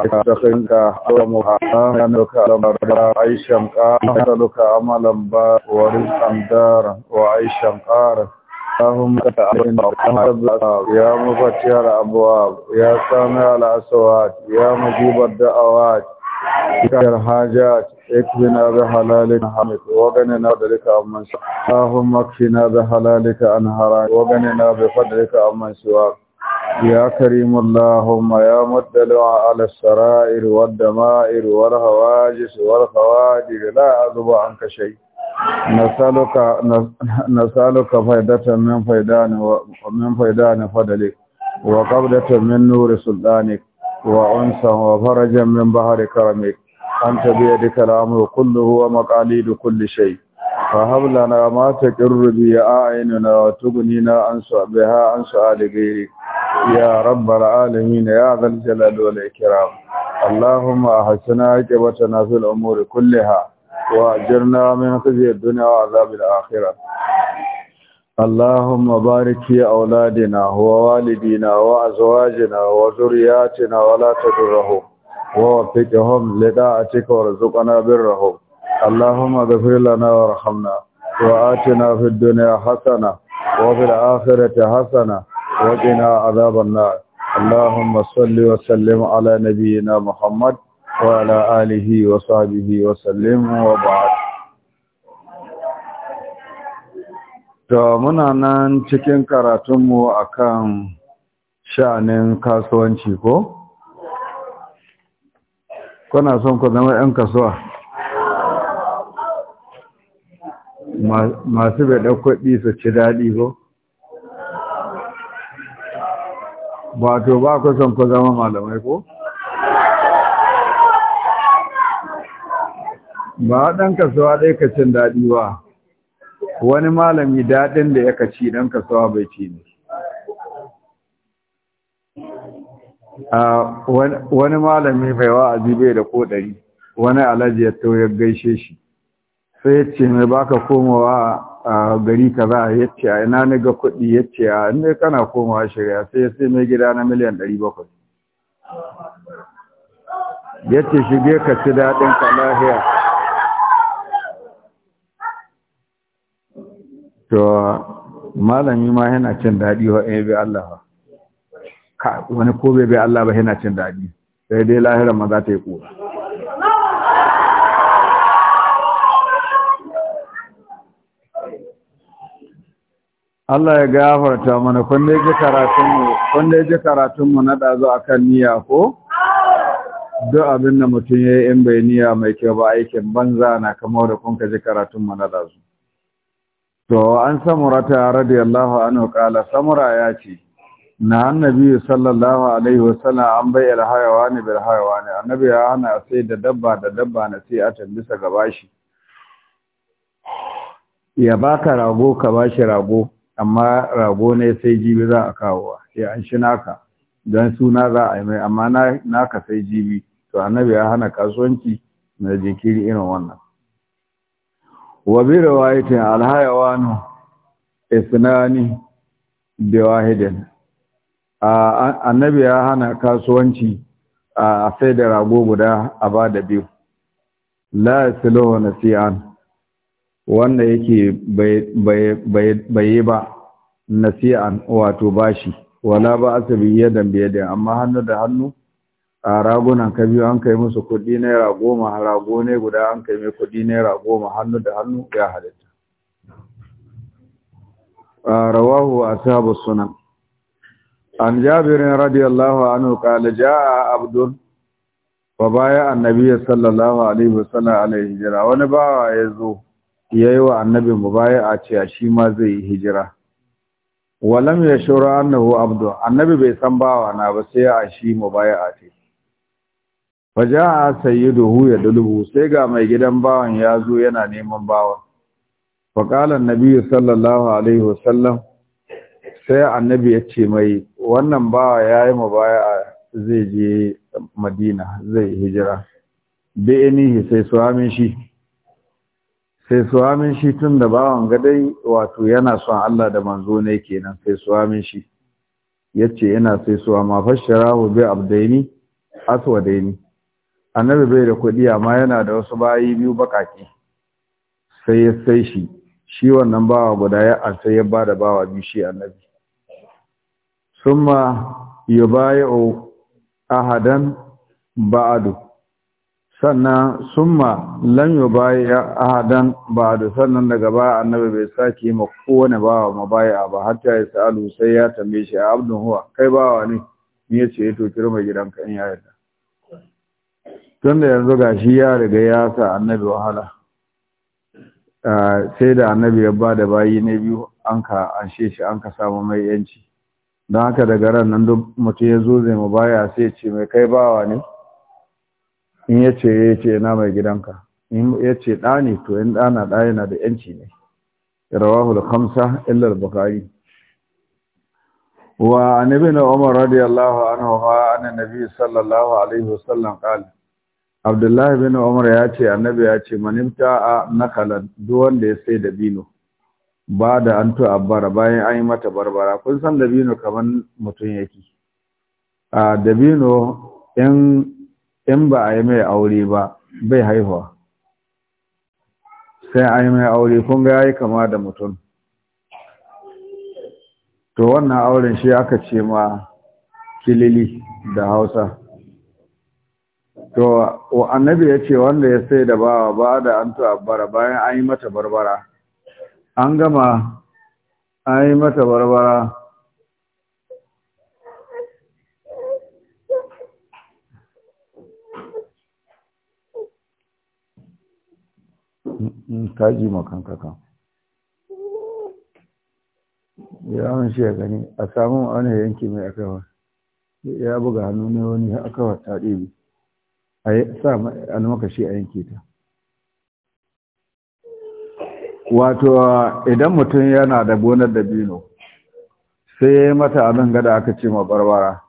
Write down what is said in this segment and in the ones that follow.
دخلت أعلمها أنك لمرا عيشا قارا أسألك عملا با ورزقا دارا وعيشا قارا اللهم يا مفتح الأبواب يا سامع الأصوات يا مجيب الدعوات كثر حاجات اكفنا بحلالك حمد وغننا بفضلك عمن سواك اللهم اكفنا بحلالك عن حرامك وغننا بفضلك عمن سواك يا كريم اللهم يا مدلع على السرائر والدمائر والهواجس والخواجر لا أذب عنك شيء نسألك, نسألك فايدة من فيدان, ومن فيدان فضلك وقبضة من نور سلطانك وأنسا وفرجا من بحر كرمك أنت بيدك الأمر كله ومقاليد كل شيء فهب لنا ما تقر به أعيننا وتغنينا بها عن سؤال غيرك يا رب العالمين يا ذا الجلال والإكرام اللهم أحسنا عاقبتنا في الأمور كلها وأجرنا من خزي الدنيا وعذاب الآخرة اللهم بارك في أولادنا ووالدينا وأزواجنا وذرياتنا ولا تدرهم ووفقهم لطاعتك وارزقنا برهم اللهم اغفر لنا وارحمنا وآتنا في الدنيا حسنة وفي الآخرة حسنة وقنا عذاب النار اللهم صل وسلم على نبينا محمد وعلى اله وصحبه وسلم وبعد muna nan cikin karatunmu akan sha'anin kasuwanci ko? Kuna son ku zama 'yan kasuwa? Masu bada kuɗi su ci daɗi ko? Ba to ba ku son ku zama malamai ko ba dan kasuwa ɗaya ka cin daɗi ba wani malami daɗin da ya ci ɗan kasuwa bai ci ne wani malami bai wa bai da koɗari wani alaji ya to ya gaishe shi sai ya ce mai baka komawa a gari ka kaza a yace a ina ne ga kuɗi yace a ne kana komawa shirya sai ya sai mai gida na miliyan ɗari bakwai Yace shige ka ci daɗin ka lahiya to malami ma yana cin daɗi wa ɗaya eh, bai Allah ba wani ko bai bai Allah ba yana cin daɗi sai dai lahiran ma za ta yi ƙura Allah ya gafarta mana kun ji karatun kun da ji mu na dazo akan niyya ko duk abin da mutum yayi in bai niyya mai kyau ba aikin banza na kamar da kun ka ji karatunmu na dazo to an samura ta radiyallahu anhu kala samura ya ce na annabi sallallahu alaihi wasallam an bai alhayawani bil hayawani annabi ya hana sai da dabba da dabba na sai a tambisa gaba ya baka rago ka bashi rago amma rago ne sai jibi za a kawo sai an shi naka don suna za a yi mai amma naka sai jibi to annabi ya hana kasuwanci na jikiri irin wannan wa bi riwayatin alhayawanu isnani bi wahidin annabi ya hana kasuwanci a sai da rago guda a ba da biyu la yasluhu nasi'an wanda yake bai yi ba nasi'an wato bashi wala ba asabi biye biyadin amma hannu da hannu a ragunan ka biyu an kai musu kuɗi naira goma rago ne guda an kai mai kuɗi naira goma hannu da hannu ya halitta rawahu sabu sunan an jabirin radiyallahu anhu qala jaa abdul wa baya annabi sallallahu alaihi wasallam alaihi Jira, wani bawa ya zo ya yi wa annabi mubaya'a a shi ma zai yi hijira walam ya shura annahu abdu annabi bai san bawa na ba sai a shi mubaya'a ce faja'a sayyiduhu ya dulhu sai ga mai gidan bawan ya zo yana neman bawan fa qala annabi sallallahu alaihi wasallam sai annabi ya ce mai wannan bawa yayi mubaya'a zai je madina zai hijira bi sai su amin shi sai min shi tun da bawan gadai wato yana son Allah da manzo ne kenan sai min shi yace yana sai suwa ma fasharahu bi abdaini aswadaini annabi bai da kuɗi amma yana da wasu bayi biyu bakaki sai ya sai shi shi wannan bawa guda ya ansa ya bada bawa biyu shi annabi summa yubayu ahadan ba'adu sannan summa lam a ahadan ba da sannan daga ba annabi bai saki ma kowane bawa mabaya ba hatta ya sa'alu sai ya tambaye shi a abdun huwa kai bawa ne ni yace eh to kirma gidanka in ya yarda tunda yanzu gashi ya riga ya sa annabi wahala sai da annabi ya ba da bayi na biyu an ka anshe shi an ka samu mai yanci don haka daga ran nan duk mutum ya zo zai mabaya sai ce mai kai bawa ne in ya ce eh, ya ce na mai gidanka in ya ce ɗa ne to in ɗa na ɗa yana da ‘yanci ne rawahul khamsa illar bukari wa annabi na umar radiyallahu anhu wa anna nabi sallallahu alaihi wasallam qala abdullahi bin umar ya ce annabi ya ce manimta a nakalan duk wanda ya sai dabino ba da an to abbara bayan an yi mata barbara kun san dabino kaman mutum yake a dabino in in ba a yi mai aure ba bai haihuwa sai a yi mai aure kun ga yayi kama da mutum to wannan auren shi aka ce ma kilili da hausa to annabi ya ce wanda ya sai da bawa ba da an bara bayan an yi mata barbara an gama an yi mata barbara Hmm, ka ji ma kanka kan ya an shi ya gani a samu wani yanki mai akawa ya buga hannu ne wani akawa ta ɗebi a sa almakashi a yanke ta wato idan mutum yana da gonar dabino sai ya yi mata abin gada aka ce ma barbara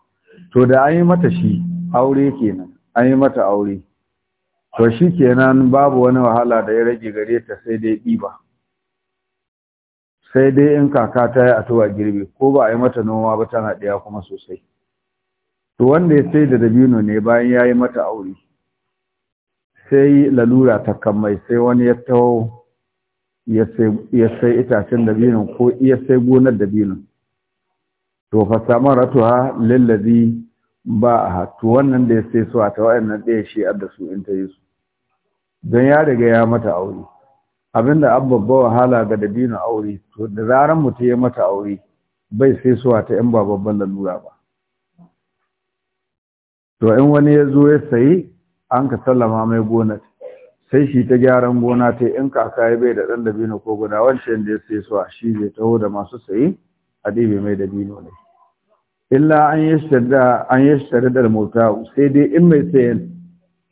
to da an yi mata shi aure kenan an yi mata aure to shi kenan babu wani wahala da ya rage gare ta sai dai ɗiba sai dai in kaka ta yi a tuwa girbi ko ba a yi mata noma ba tana ɗaya kuma sosai to wanda ya sai da dabino ne bayan ya yi mata aure sai lalura ta kammai sai wani ya taho ya sai itacen dabino ko ya sai gonar dabino to fa ratuwa lallazi ba a hatu wannan da ya sai su a ta nan ɗaya shi'ar da su in ta yi su don ya riga ya mata aure abinda an babba wahala ga dabino aure to da zaran mutum ya mata aure bai sai suwa ta yan babban lalura ba to in wani ya zo ya sayi an ka sallama mai gonar sai shi ta gyaran gona ta in kaka ya bai da ɗan dabino ko guda wancan da ya sai suwa shi zai taho da masu sayi a ɗibe mai dabino ne illa an yi shadda da mota sai dai in mai sayan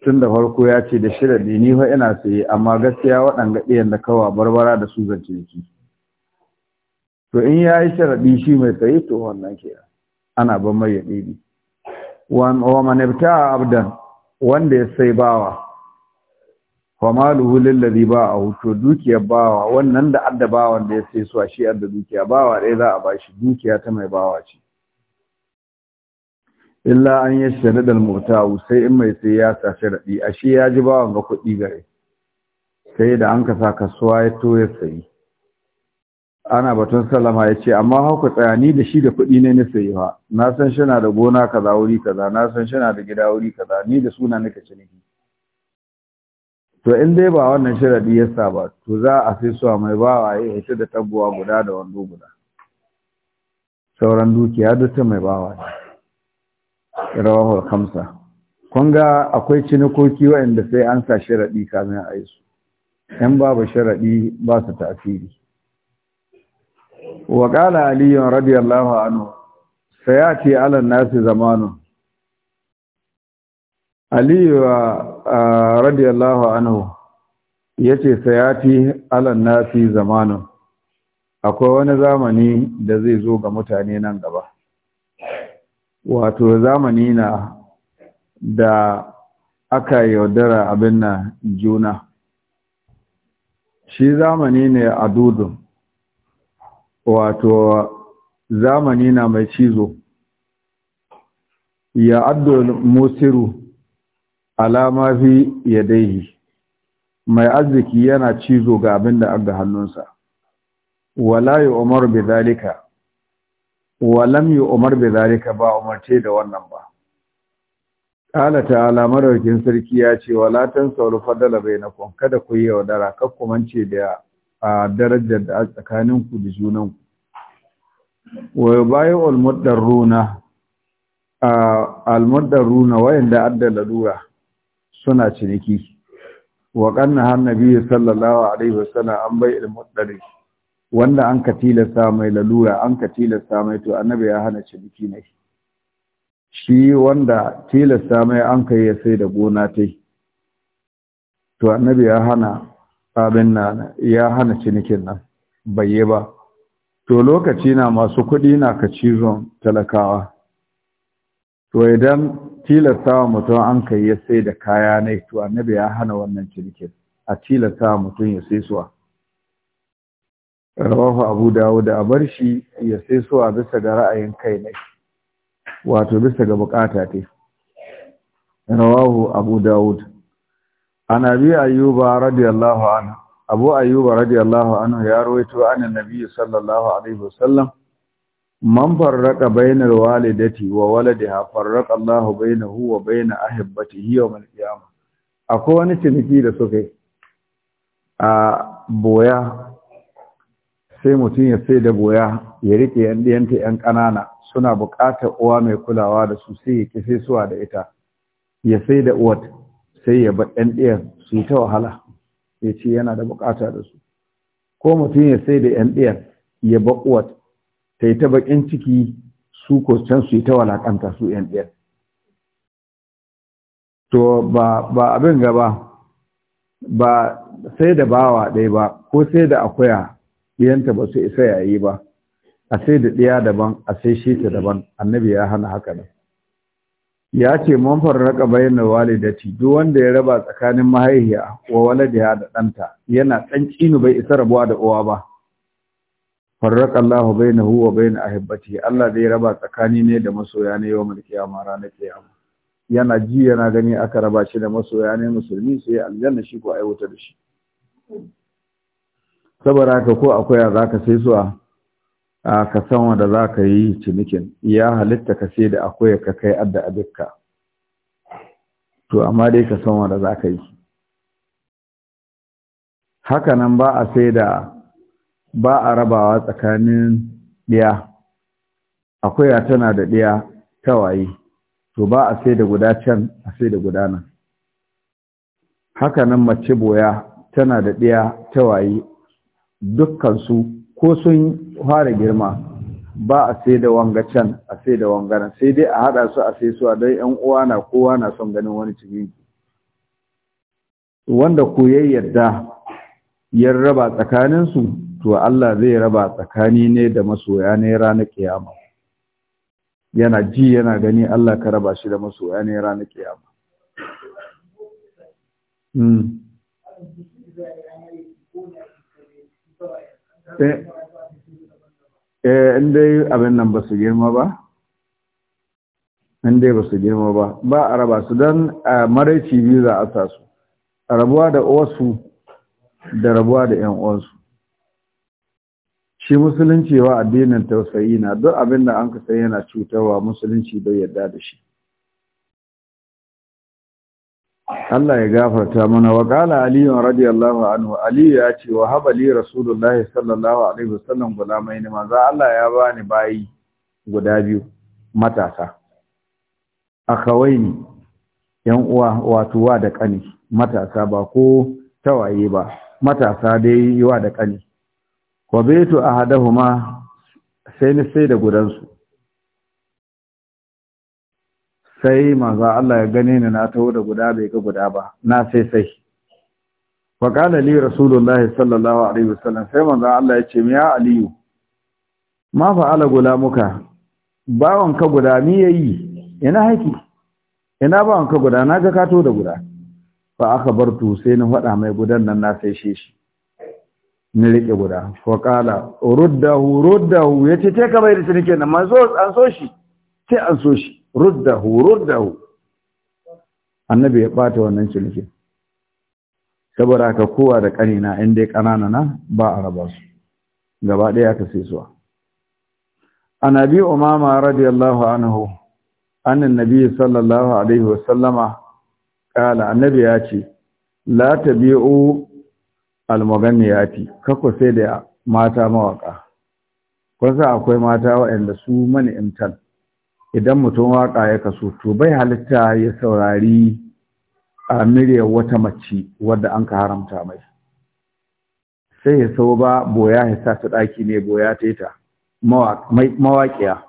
tun da farko ya ce da shiradi ni fa ina saye amma gaskiya waɗanga ɗiyan da kawa barbara da su zance ne to in ya yi sharaɗi shi mai saye to wannan ke ana ban mai ya ɗibi wa manabta abdan wanda ya sai bawa fa maluhu lillazi ba'ahu to dukiyar bawa wannan da adda bawa da ya sai su a shi adda dukiya bawa dai za a bashi dukiya ta mai bawa ce illa an yi shari da mutawu sai in mai sai ya sace raɗi, a shi ya ji bawan ga kuɗi gare sai da an kasa kasuwa ya to ya sayi ana batun salama ya ce amma hauka tsaya ni da shi da kuɗi ne na sayi ba na san shana da gona kaza wuri kaza na san shana da gida wuri kaza ni da suna nika ciniki to in dai ba wannan sharaɗi ya sa ba to za a sai suwa mai bawa ya da tabuwa guda da wando guda sauran dukiya duk ta mai bawa ne Rawar khamsa kun ga akwai cinikoki waɗanda sai an sa sharaɗi kamin a yi su ‘yan babu sharaɗi ba su tasiri wa ƙala aliyun radiyallahu anhu sayati alan nasi zamanu aliyu radiyallahu anhu ya ce sayati alan nasi zamanu akwai wani zamani da zai zo ga mutane nan gaba wato zamani na da aka yaudara abin na juna shi zamani ne a dudun wato zamani na mai cizo ya addul musiru alama fi yadaihi mai arziki yana cizo ga abin da aga hannunsa wala ya umar bi zalika wa Umar bai bi ka ba umarce da wannan ba Allah ta'ala maraukin sarki ya ce wa la bai fadala bainakum kada ku yi yaudara kar ku mance da darajar da a tsakaninku da junanku wa yubayi'ul mudarruna al mudarruna wayanda adda lalura suna ciniki wa ƙanna hannabi sallallahu alaihi wasallam an bai bai'il mudarruna wanda an ka tilasta mai lalura an ka tilasta mai to annabi ya hana ciniki ne shi wanda tilasta mai an ka ya sai da gona ta to annabi ya hana abin nan ya hana cinikin nan bai yi ba to lokaci na masu kuɗi na ka cizon talakawa to idan tilasta mutum an ka ya sai da kaya ne to annabi ya hana wannan cinikin a tilasta mutum ya sai suwa rawahu abu dawud a bar shi ya sai so a bisa ga ra'ayin kai ne wato bisa ga bukata ta rawahu abu dawud an abi ayyuba radiyallahu anhu abu ayyuba radiyallahu anhu ya rawaito an annabi sallallahu alaihi wasallam man farraqa bainal walidati wa waladiha farraqa Allahu bainahu wa bain ahibbatihi yawm al akwai wani ciniki da suka yi a boya sai mutum ya sai da boya ya riƙe yan ɗiyanta yan ƙanana suna buƙatar uwa mai kulawa da su sai ya kise suwa da ita ya sai da uwat sai ya ba yan ɗiyan su yi ta wahala ya ce yana da buƙata da su ko mutum ya sai da yan ɗiyan ya ba uwat ta yi ta baƙin ciki su ko can su yi ta walakanta su yan ɗiyan to ba ba abin gaba ba sai da bawa ɗaya ba ko sai da akuya ɗiyanta ba su isa ya yi ba a sai da ɗiya daban a sai shi ta daban annabi ya hana haka nan ya ce "Mun man farraka bayyana walidati duk wanda ya raba tsakanin mahaihiya wa waladiya da ɗanta yana ɗan ƙinu bai isa rabuwa da uwa ba farraka Allah bainahu wa bain ahibbati Allah zai raba tsakani ne da masoya ne yau mulki na ranar kiyama yana ji yana gani aka raba shi da masoya ne musulmi sai aljanna shi ko aiwata da shi saboda haka ko akwai za ka sai su a ka san wanda za ka yi cinikin ya halitta ka sai da akwai ka kai adda a dukka, to amma dai ka san wanda za ka yi haka nan ba a sai da ba a rabawa tsakanin ɗiya akwai tana da ɗiya waye, to ba a sai da guda can a sai da guda nan haka nan mace boya tana da ɗiya tawaye dukkansu ko sun fara girma ba a sai da wanga can a sai da wangana sai dai a haɗa su a sai su a dai yan uwa na kowa na son ganin wani cikin wanda ku yayi yarda ya raba tsakaninsu to Allah zai raba tsakani ne da masoya ne ranar kiyama yana ji yana gani Allah ka raba shi da masoya ne ranar kiyama mm. eh, eh in dai abin nan ba su girma ba in dai ba su girma ba ba a raba su don maraici biyu za a sa su rabuwa da uwarsu da rabuwa da yan uwansu shi musulunci wa addinin tausayi na duk abin da an ka sai yana cutarwa musulunci bai yarda da shi Allah ya gafarta mana wa qala ali radiyallahu anhu ali ya ce wa habali rasulullahi sallallahu alaihi wasallam ne manzo Allah ya bani bayi guda biyu matasa akawaini yan uwa wato wa da kani matasa ba ko tawaye ba matasa dai wa da kani wa baitu ahadahuma sai ni sai da gudansu sai manzo Allah ya gane ni na taho da guda bai ga guda ba na sai sai wa qala li rasulullahi sallallahu alaihi wasallam sai manzo Allah ya ce mi ya aliyu ma fa'ala gulamuka bawan ka guda mi yayi ina haiki ina bawon ka guda na ga ka taho da guda fa aka bar tu sai na faɗa mai gudan nan na sai shi shi ni rike guda fa qala ruddahu ruddahu yace te ka bai da shi nan. manzo an so shi sai an so shi ruddahu ruddahu annabi ya bata wannan cinikin saboda haka kowa da ƙanina in dai kanana na ba a raba su gaba ɗaya ta sai suwa an umama radiyallahu anhu annan nabi sallallahu alaihi wa sallama kala annabi ya ce la tabi'u almuganniyati kako sai da mata mawaka kun san akwai mata waɗanda su mani imtan idan mutum waka ya kaso to bai halitta ya saurari a miryar wata mace wadda an ka haramta mai sai ya sau ba boya ya sa ta ɗaki ne boya ta yi ta mawaƙiya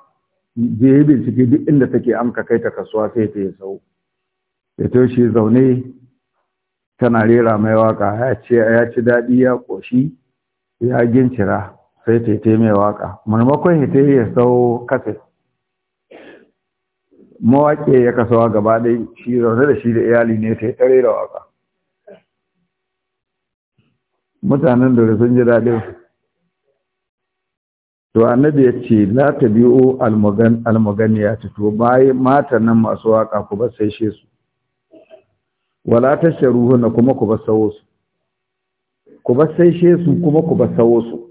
zai yi bincike duk inda take an ka kai ta kasuwa sai ta yi sau ya toshe zaune tana rera mai waka ya ci daɗi ya ƙoshi ya gincira sai ta yi ta mai waka maimakon ya ta yi ya sau kasai mawaƙe ya kasawa gaba ɗai shi zaune da shi da iyali ne ta yi tsare da waƙa mutanen da sun ji daɗin to annabi ya ce la ta biyo ya ta to bayi mata nan masu waƙa ku ba sai she su wala ta sharuhu na kuma ku ba sawo su ku ba sai she su kuma ku ba sawo su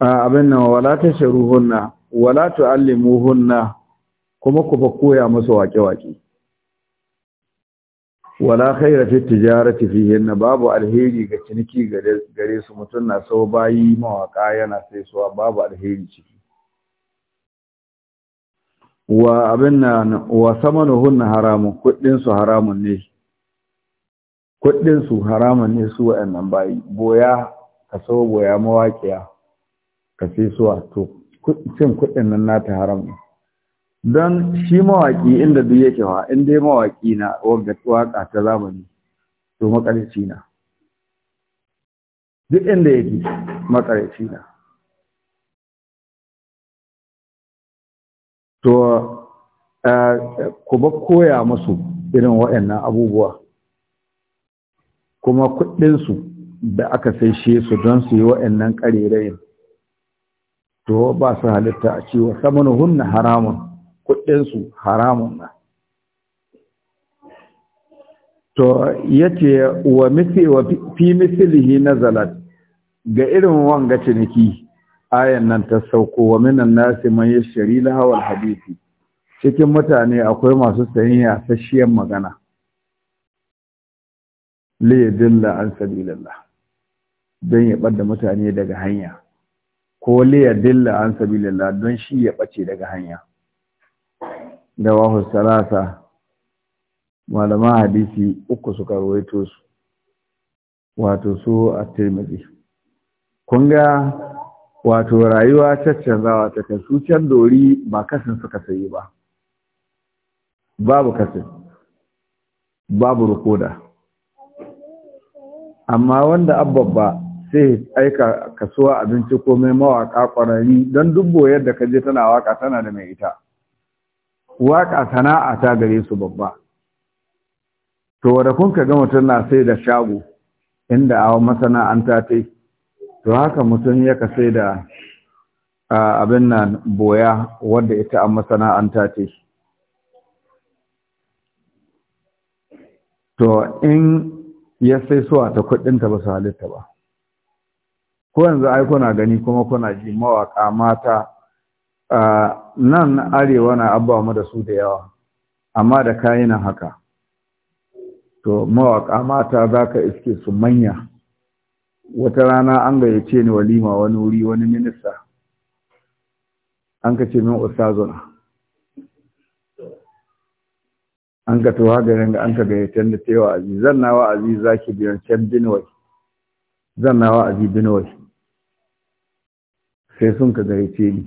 A abin nan wala ta sharuhu na wala tu'allimuhunna kuma ku fa koya musu waƙe-waƙe wala khaira fi tijarati na babu alheri ga ciniki gare su mutum na sau bayi mawaka yana sai suwa babu alheri ciki wa abin na wa samanuhun haramun kuɗin su haramun ne kuɗin su haramun ne su wa'annan bayi boya ka sau boya mawaƙiya ka sai suwa to cin kuɗin nan nata haram don shi mawaƙi inda duk yake wa in dai mawaƙi na wanda waƙa ta zamani to makarici na duk inda yake makarici na to ku ba koya masu irin waɗannan abubuwa kuma kuɗinsu da aka sai shi su don su yi waɗannan ƙarerayin to ba su halitta a cewa saman hunna haramun kudinsu haramun na to yace wa wa fi na zalat ga irin wanga ciniki ayan nan ta sauko wa minan nasi man yashri lahawal hadisi cikin mutane akwai masu sayin yasasshiyar magana li dilla an sabilillah don ya ɓadda mutane daga hanya ko liya dilla an sabilillah don shi ya bace daga hanya da wahu salasa malaman hadisi uku suka rawaito su wato su a tirmidhi kun ga wato rayuwa zawa ta kai su can dori ba kasin suka sayi ba babu kasin babu rukoda amma wanda ba sai aika kasuwa abinci ko mai mawaka ƙwararri don duk yadda ka je tana waka tana da mai ita waka sana'a ta gare su babba to wanda kun ka ga mutum na sai da shago inda a masana'anta ta to haka mutum yaka ka sai da abin nan boya wadda ita a masana'anta ta to in ya sai suwa ta kudinta ba su halitta ba ko yanzu ai kuna gani kuma kuna ji mawaka mata nan arewa na abba mu da su da yawa amma da kayinan haka to mawaka mata za ka iske su manya wata rana an gayyace ni walima wani wuri wani minista an ka ce min ustazuna an ka tuwa garin an ka gayyace ni ta yi wa'azi zan na wa'azi za ki biyan can binuwai zan na wa'azi binuwai sai sun ka gaice ni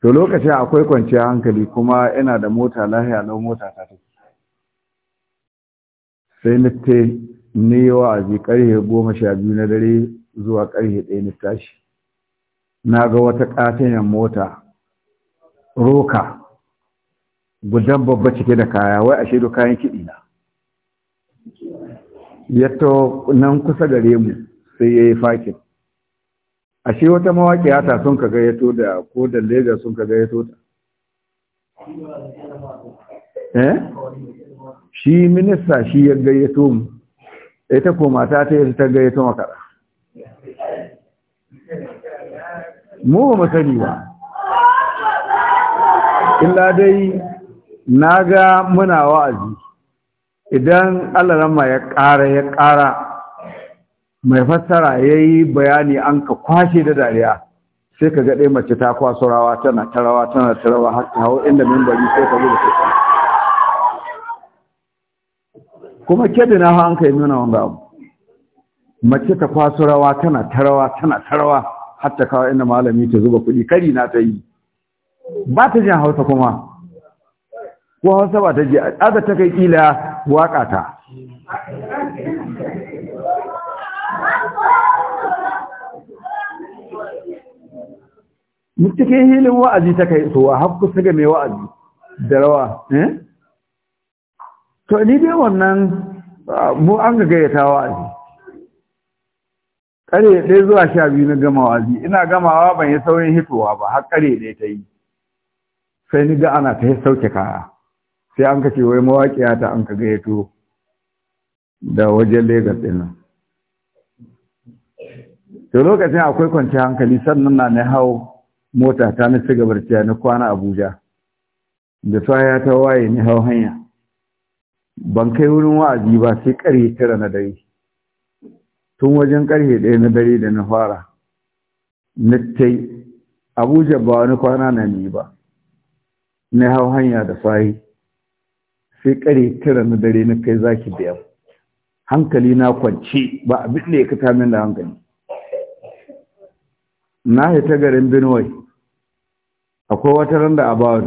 to lokacin akwai kwanciya hankali kuma yana da mota lahiya na mota ta take sai na te ne wa'azi karhe goma sha biyu na dare zuwa karhe ɗaya na tashi na ga wata ƙatayen mota roka gudan babba cike da kaya wai a shaidu kayan kiɗi na yato nan kusa gare mu sai ya yi fakin ashe wata mawaƙiya ta sun ka gayyato da ko da Lagos sun ka gayyato ta eh shi minista shi ya gayyato mu ita ko mata ta yi ta gayyato makara mu ba mu sani ba illa dai na ga muna wa'azi idan Allah ya ƙara ya ƙara mai fassara ya yi bayani an ka kwashe da dariya sai ka gaɗe mace ta kwaso rawa tana tarawa tana tarawa har ta hau inda mimbari sai ka gudu kusa kuma da na an ka yi nuna wanda abu mace ta kwaso rawa tana tarawa tana tarawa har ta kawo inda malami ta zuba kuɗi kari na ta yi ba ta jin hausa kuma ko hausa ba ta ji a ta kai kila waƙa ta cikin hilin wa'azi ta kai so har kusa ga mai wa'azi da rawa eh? to ni dai wannan mu an ga gayyata wa'azi kare ɗaya zuwa sha biyu na gama wa'azi ina gamawa ban yi saurin hitowa ba har kare ɗaya ta yi sai ni ga ana ta sauke kaya sai an kace wai mawaƙiya ta an ka gayyato da wajen Legas ɗin nan to lokacin akwai kwanciyar hankali sannan na na hau mota ta na ci gabar ciya na kwana abuja da ya ta waye ni hau hanya ban kai wurin wa'azi ba sai karhe tara na dare tun wajen karhe ɗaya na dare da na fara na tai abuja ba wani kwana na ne ba na hau hanya da sahi sai karhe tara na dare na kai zaki biyar hankali na kwance ba abin da ya kata min da hankali na hita garin benue akwai wata randa about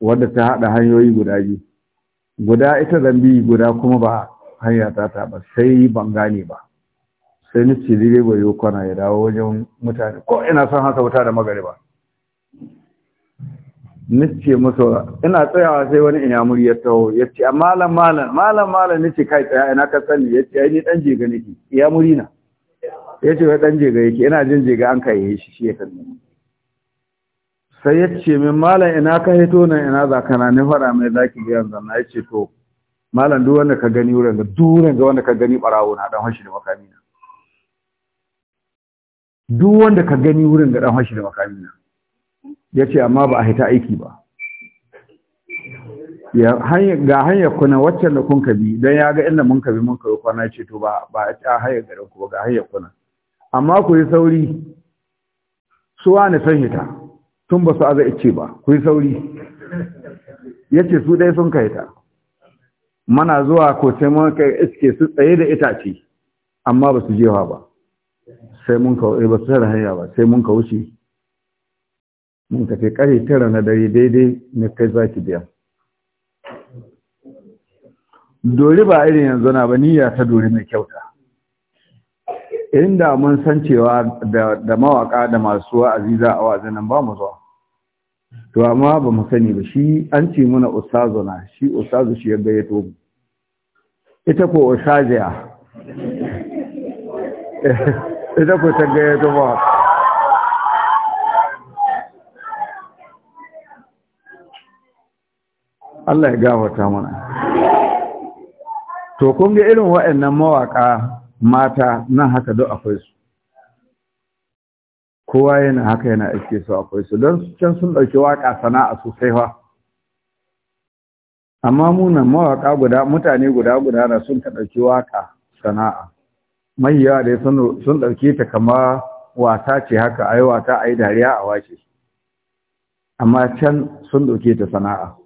wadda ta haɗa hanyoyi guda biyu guda ita zambi guda kuma ba hanya ta taɓa ba sai ban gane ba sai ni ce direba yau kwana ya dawo wajen mutane ko ina son haka wuta da ni ce musu ina tsayawa sai wani inyamuri ya taho ya ce ah, malam malam malam malam ce kai tsaya ina ka ni ya ce ai ni dan jega nake muri na ya ce wai dan jega yake ina jin jega an kai shi shi ya kalli sai ya ce min malam ina ka hito nan ina za ka na ni fara mai zaki yanzu na ya ce to malam duk wanda ka gani wurin ga duren ga wanda ka gani barawo na dan hashi da makami na duk wanda ka gani wurin ga dan hashi da makami na ya ce amma ba a hita aiki ba ga hanyar kuna waccan da kun ka bi don ya ga inda mun ka bi mun ka ko na ce to ba a hanyar garin ku ba ga hanyar kuna amma ku yi sauri suwa ne son hita tun ba su aza ice ba ku yi sauri ya ce su ɗaya sun kai ta mana zuwa ko sai mun kai iske su tsaye da itace amma ba su jewa ba sai mun ka eh, ba su tara hanya ba sai mun ka wuce mun ka kai kare tara na dare daidai na kai zaki biya dori ba irin yanzu na ba niyya ta dori mai kyauta inda mun san cewa da mawaka da masu wa'azi za a wa'azi nan ba mu zuwa to amma ba mu sani ba shi an ce muna ustazu na shi ustazu shi ya gayyato mu ita ko ustaziya ita ko ta gayyato ba Allah ya gafarta mana to kun ga irin waɗannan mawaka mata nan haka duk akwai su kowa yana haka yana iske su akwai su don can sun ɗauki waƙa sana'a sosai fa amma munan mawaƙa guda mutane guda guda na sun ka ɗauki waƙa sana'a mai yawa dai sun ɗauki ta kama wata ce haka a yi wata a yi dariya a wace amma can sun ɗauki ta sana'a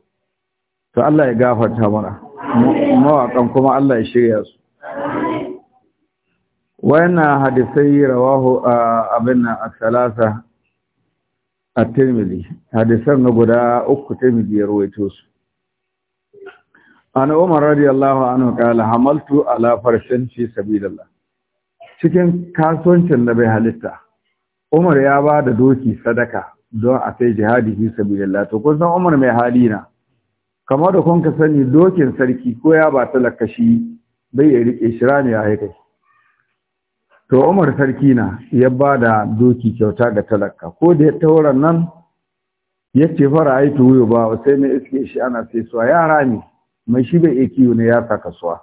to Allah ya gafarta mana mawaƙan kuma Allah ya shirya su wannan hadisai rawahu abin nan a salasa a tirmidhi hadisan na guda uku Tirmidhi ya rawaito su ana Umar radiyallahu anhu kala hamaltu ala farshin fi sabilillah cikin kasuwancin da bai halitta Umar ya ba da doki sadaka don a kai jihadi fi sabilillah to kun san Umar mai hali na kamar da kun ka sani dokin sarki ko ya ba talakashi bai rike shirani ya haikai to umar sarki na ya ba da doki kyauta ga talaka ko da ya taura nan ya ce fara aiki wuyo ba sai na iske shi ana sai suwa yara ne mai shi bai iki ne ya sa kasuwa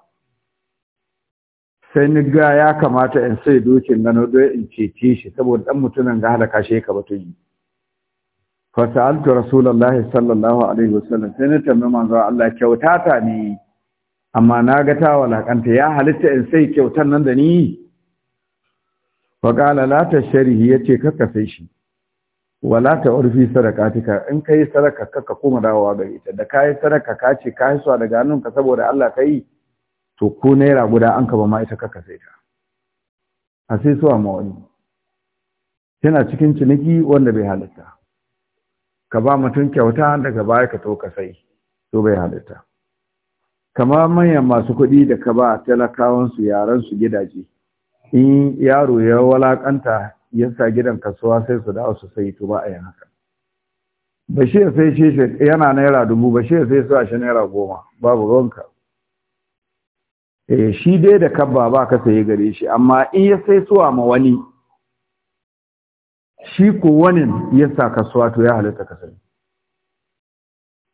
sai ni ya kamata in sai dokin gano in cece shi saboda dan mutumin ga halaka shi ka batu yi fa sa'altu rasulallah sallallahu alaihi wasallam sai na tambayi manzo Allah kyautata ne amma na ga ta walakanta ya halitta in sai kyautan nan da ni faƙala la ta sharihi ya ce kakka sai shi wala ta urfi sadakatika in ka yi sadaka kaka kuma dawowa gare da ka yi sadaka ka ce ka yi suwa daga hannunka saboda Allah ka yi to ko naira guda an ba ma ita kakka sai ta a sai suwa ma wani yana cikin ciniki wanda bai halitta ka ba mutum kyauta daga baya ka to ka sai to bai halitta kamar manyan masu kuɗi da ka ba talakawansu su gidaje in yaro ya walakanta ya sa gidan kasuwa sai su dawo su sai to ba a yi haka Ba ya sai shi yana naira dubu ba ya sai su ashe shi naira goma babu ruwanka eh shi dai da kabba ba ka sai gare shi amma in ya sai suwa ma wani shi ko wani ya sa kasuwa to ya halitta ka sai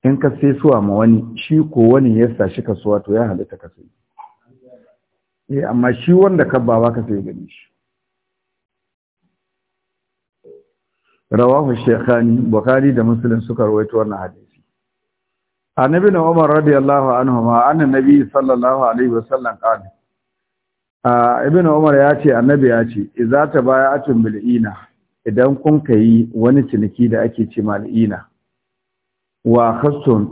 in ka sai suwa ma wani shi ko wani ya sa shi kasuwa to ya halitta ka sai eh amma shi wanda ka ba baka sai gani shi rawahu shaykhani bukhari da muslim suka rawaito wannan hadisi annabi na umar radiyallahu anhu ma annabi sallallahu alaihi wasallam Ah ibn umar ya ce annabi ya ce idza tabaya'atun bil ina idan kun kai wani ciniki da ake ce mal ina wa khassun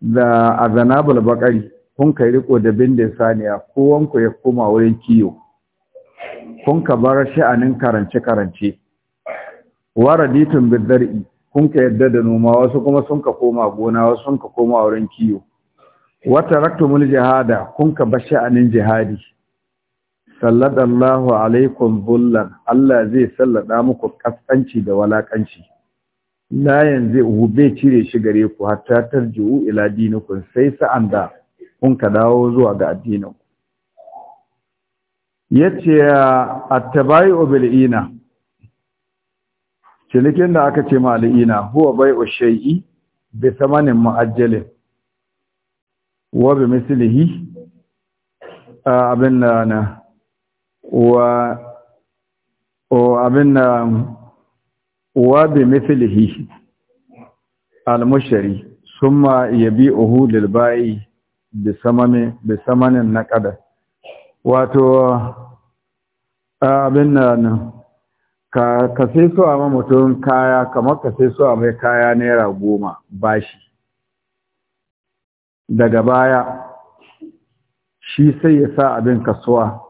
da azanabul baqari kun kai riko da bindin saniya kowanku ya koma wurin kiyo kun ka bar sha'anin karance-karance waraditun bidar'i kun ka yadda da noma wasu kuma sun ka koma gona wasu sun ka koma wurin kiyo wata raktumul jihada kun ka bar sha'anin jihadi sallallahu alaikum bullan Allah zai sallada muku kaskanci da walakanci Na yanzu bai cire shi gare ku har hatta tarji'u ila dinikum sai sa'an da kun ka dawo zuwa ga addinin yace at-tabayu bil ina cinikin da aka ce ma al-ina huwa bai'u shay'i bi thamanin mu'ajjal wa bi mislihi abin na wa abin wa bi mislihi al mushari thumma yabi'uhu lil bai'i Da bisamanin na ƙadar wato abin nan ka sai so a mutum kaya kamar ka sai so a mai kaya naira goma bashi daga baya shi sai ya sa abin kasuwa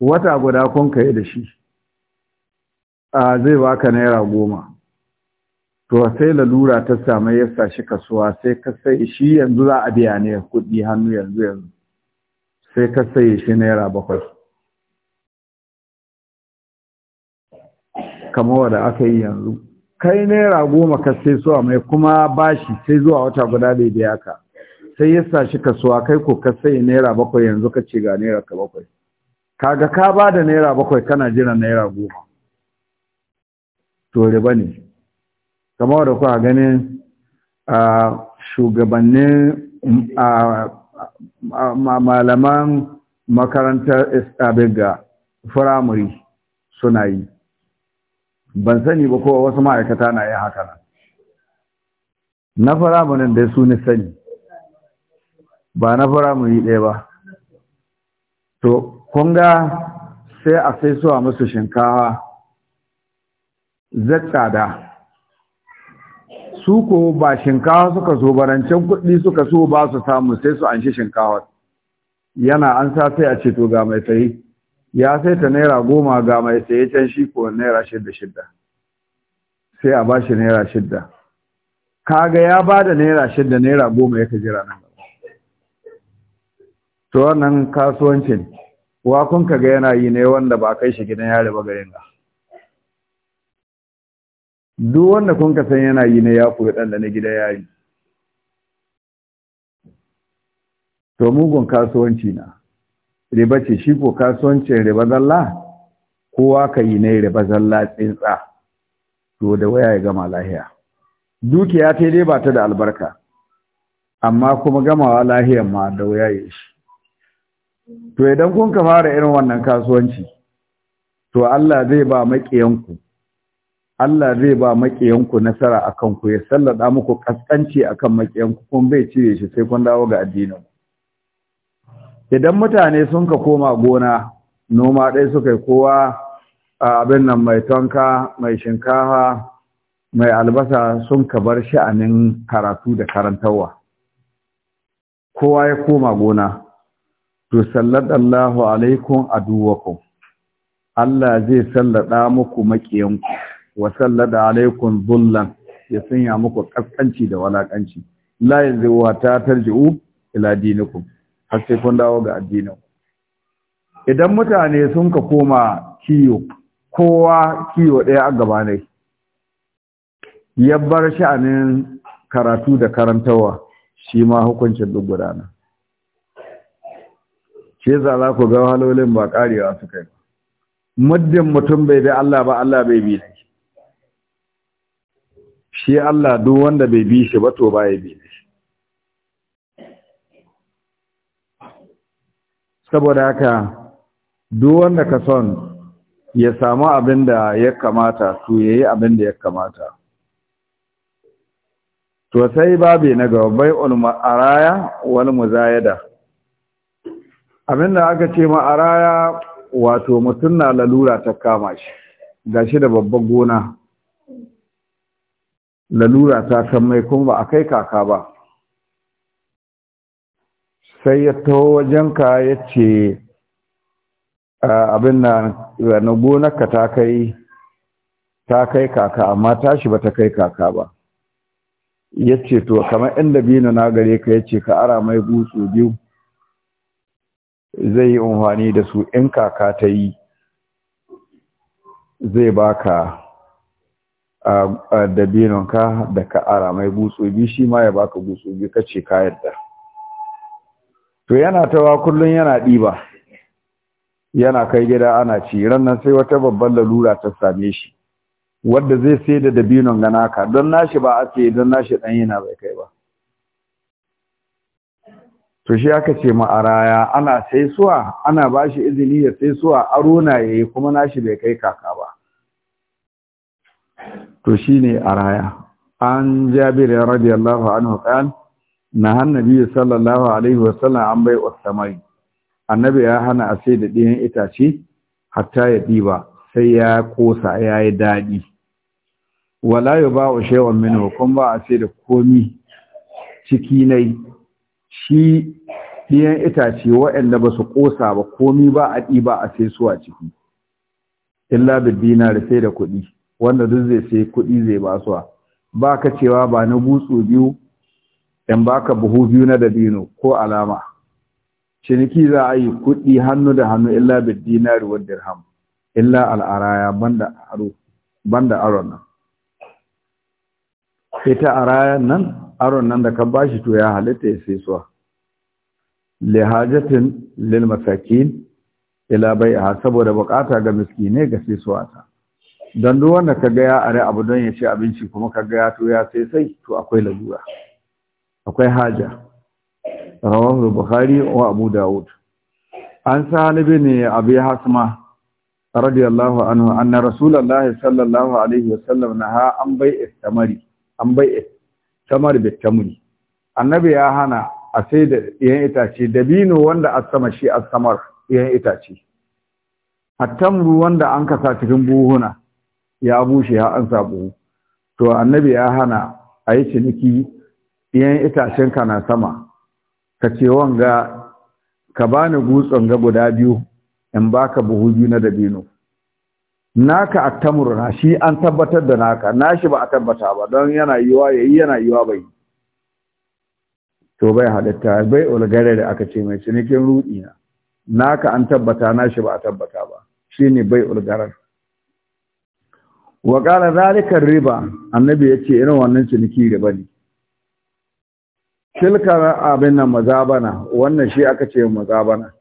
wata guda kun kai da shi a zai baka naira goma to sai lalura ta samu ya sashi shi kasuwa sai ka sai shi yanzu za a biya ne kuɗi hannu yanzu yanzu sai ka sai shi naira bakwai Kamar wada aka yi yanzu kai naira goma ka sai suwa mai kuma bashi sai zuwa wata guda bai biya ka sai ya sashi shi kasuwa kai ko ka sai naira bakwai yanzu ka ce ga naira ka bakwai kaga ka ba da naira bakwai kana jiran naira goma to riba ne kamar da kuwa ganin a shugabannin malaman makarantar istabiga firamare suna yi ban sani ba kowa wasu ma'aikata na yi haka nan na firamarin da su sani ba na firamare ɗaya ba to kunga sai a sai suwa musu shinkawa zai tsada su ko ba shinkawa suka so barancen kuɗi suka so ba su samu sai su anshi shinkawa yana an sa sai a ce to ga mai sayi ya sai ta naira goma ga mai saye can shi ko naira shidda shidda sai a ba shi naira shidda kaga ya ba da naira shidda naira goma ya jira nan gaba to wannan kasuwancin wa kun kaga yana yi ne wanda ba kai shi gidan yare ba garin ga duk wanda kun ka san yana yi na ya koyi ɗan da na gida yari to mugun kasuwanci na riba ce shi ko kasuwancin riba zalla kowa ka yi na riba zalla tsintsa to da waya ya gama lahiya dukiya ta dai ba ta da albarka amma kuma gamawa lahiyar ma da waya ya shi to idan kun ka fara irin wannan kasuwanci to Allah zai ba maƙiyanku Allah zai ba maƙiyanku nasara a kanku ya sallada muku ƙasƙanci a kan maƙiyanku kuma bai cire shi sai kun dawo ga addinin. Idan mutane sun ka koma gona, noma ɗaya suka yi kowa a abin nan mai tonka, mai shinkafa, mai albasa sun ka bar sha'anin karatu da karantarwa. Kowa ya koma gona, to salladallahu alaikum aduwakum. Allah zai sallada muku maƙiyanku. wa sallada alaikum dhullan ya sanya muku kaskanci da walakanci Layin yanzu wa ta tarji'u ila dinikum har sai kun dawo ga addinin idan mutane sun ka koma kiyo kowa kiyo ɗaya a gaba ne ya bar sha'anin karatu da karantawa shi ma hukuncin duk gudana ce za za ku ga halolin ba karewa suka yi muddin mutum bai bi Allah ba Allah bai bi ne shi Allah duk wanda bai bi shi ba to baya bi shi saboda haka duk wanda ka son ya samu abin da ya kamata to yayi abin da ya kamata to sai babe na gaba ulma araya wal muzayada abin da aka ce ma araya wato mutum na lalura ta kama shi gashi da babban gona lalura ta kan mai kuma ba a kai kaka ba sai ya taho wajenka ya ce abin na gonarka ta kai ta kai kaka amma tashi ba ta kai kaka ba ya ce to kamar yan dabino na gare ka ya ce ka ara mai gutsu biyu zai yi unhwani da su in kaka ta yi zai baka dabinonka da ka ara mai gutsu bi shi ma ya baka gutsu bi ka ce ka yarda to yana tawa kullun yana ɗiba yana kai gida ana ci rannan sai wata babban lalura ta same shi wanda zai sai da dabinon ganaka don nashi ba a sai don nashi ɗan yana bai kai ba to shi aka ce ma araya ana sai suwa ana bashi izini ya sai suwa aro na yayi kuma nashi bai kai kaka ba to shine a raya an jabir radiyallahu anhu qal na annabi sallallahu alaihi wasallam an bai usamai annabi ya hana a sai da ɗiyan itace hatta ya ɗiba sai ya kosa ya yi daɗi wala ya ba wa shewan minu kun ba a sai da komi ciki nai shi ɗiyan itace waɗanda ba su kosa ba komi ba a ɗiba a sai su a ciki illa biddina da sai da kuɗi wanda duk zai sai kuɗi zai ba suwa ba ka cewa ba na gutsu biyu in ka buhu biyu na dabino ko alama ciniki za a yi kuɗi hannu da hannu illa bid dinari wa dirham illa al'araya banda aro banda aron nan ita arayan nan aron nan da ka bashi to ya halitta ya sai suwa li hajatin lil masakin ila bai'a saboda bukata ga miskinai ga sai suwa ta don duk wanda ka ga ya are abu don ya ci abinci kuma ka ga ya to ya sai sai to akwai lalura akwai haja rawahu bukhari wa abu daud an salibi ne abi hasma radiyallahu anhu anna rasulullahi sallallahu alaihi wasallam naha an bai istamari an bai istamar tamuni annabi ya hana a sai da yan itace dabino wanda a sama shi a samar yan itace tambu wanda an kasa cikin buhuna ya bushe ya an sabu to annabi ya hana a yi ciniki iyan itacen ka na sama ka ce wanga ka bani gutsun ga guda biyu in baka buhu biyu na dabino naka attamur na shi an tabbatar da naka Na shi ba a tabbata ba don yana yiwa yi yana yiwa bai to bai halitta bai ulgare da aka ce mai cinikin rudi na naka an tabbata na shi ba a tabbata ba Shi ne bai ulgarar wa ƙara zalikar riba annabi ya ce irin wannan ciniki riba ne tilkar abin nan mazabana wannan shi aka ce mazabana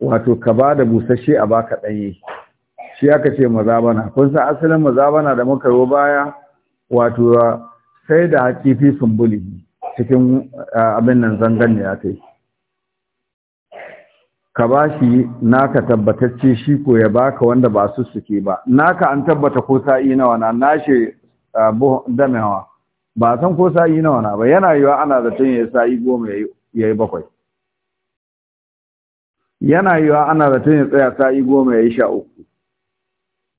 wato ka ba da busasshe a baka ɗanye shi aka ce mazabana kun san asalin mazabana da muka yi baya wato sai da hakifi sumbuli cikin abin nan zangan ne ya kai ka ba shi naka tabbatacce shi ko ya baka wanda ba su suke ba naka an tabbata ko sa'i nawa na nashi damewa ba san ko sa'i nawa na ba yana yiwa ana zaton ya sa'i goma ya yi bakwai yana yiwa ana zaton ya tsaya sa'i goma ya yi sha uku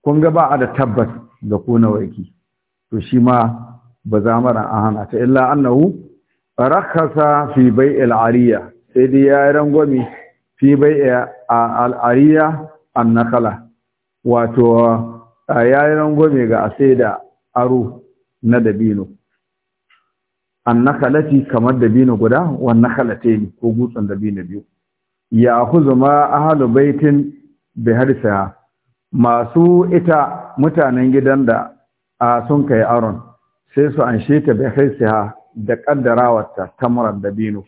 kun ga ba a da tabbas da ko nawa yake to shi ma ba za mara an hana ta illa annahu rakhasa fi bai'il ariya sai dai ya yi rangwami fi bai eh, a al'ariya an nakala wato a yayin gwame ga asai da aro na dabino an nakalati kamar dabino guda wan nakalate ne ko gutsun dabino biyu ya huzu ma ahalu baitin bai harsa masu ita mutanen gidan da a sun kai aron sai su anshe ta bai harsa da kaddarawarta tamarar dabino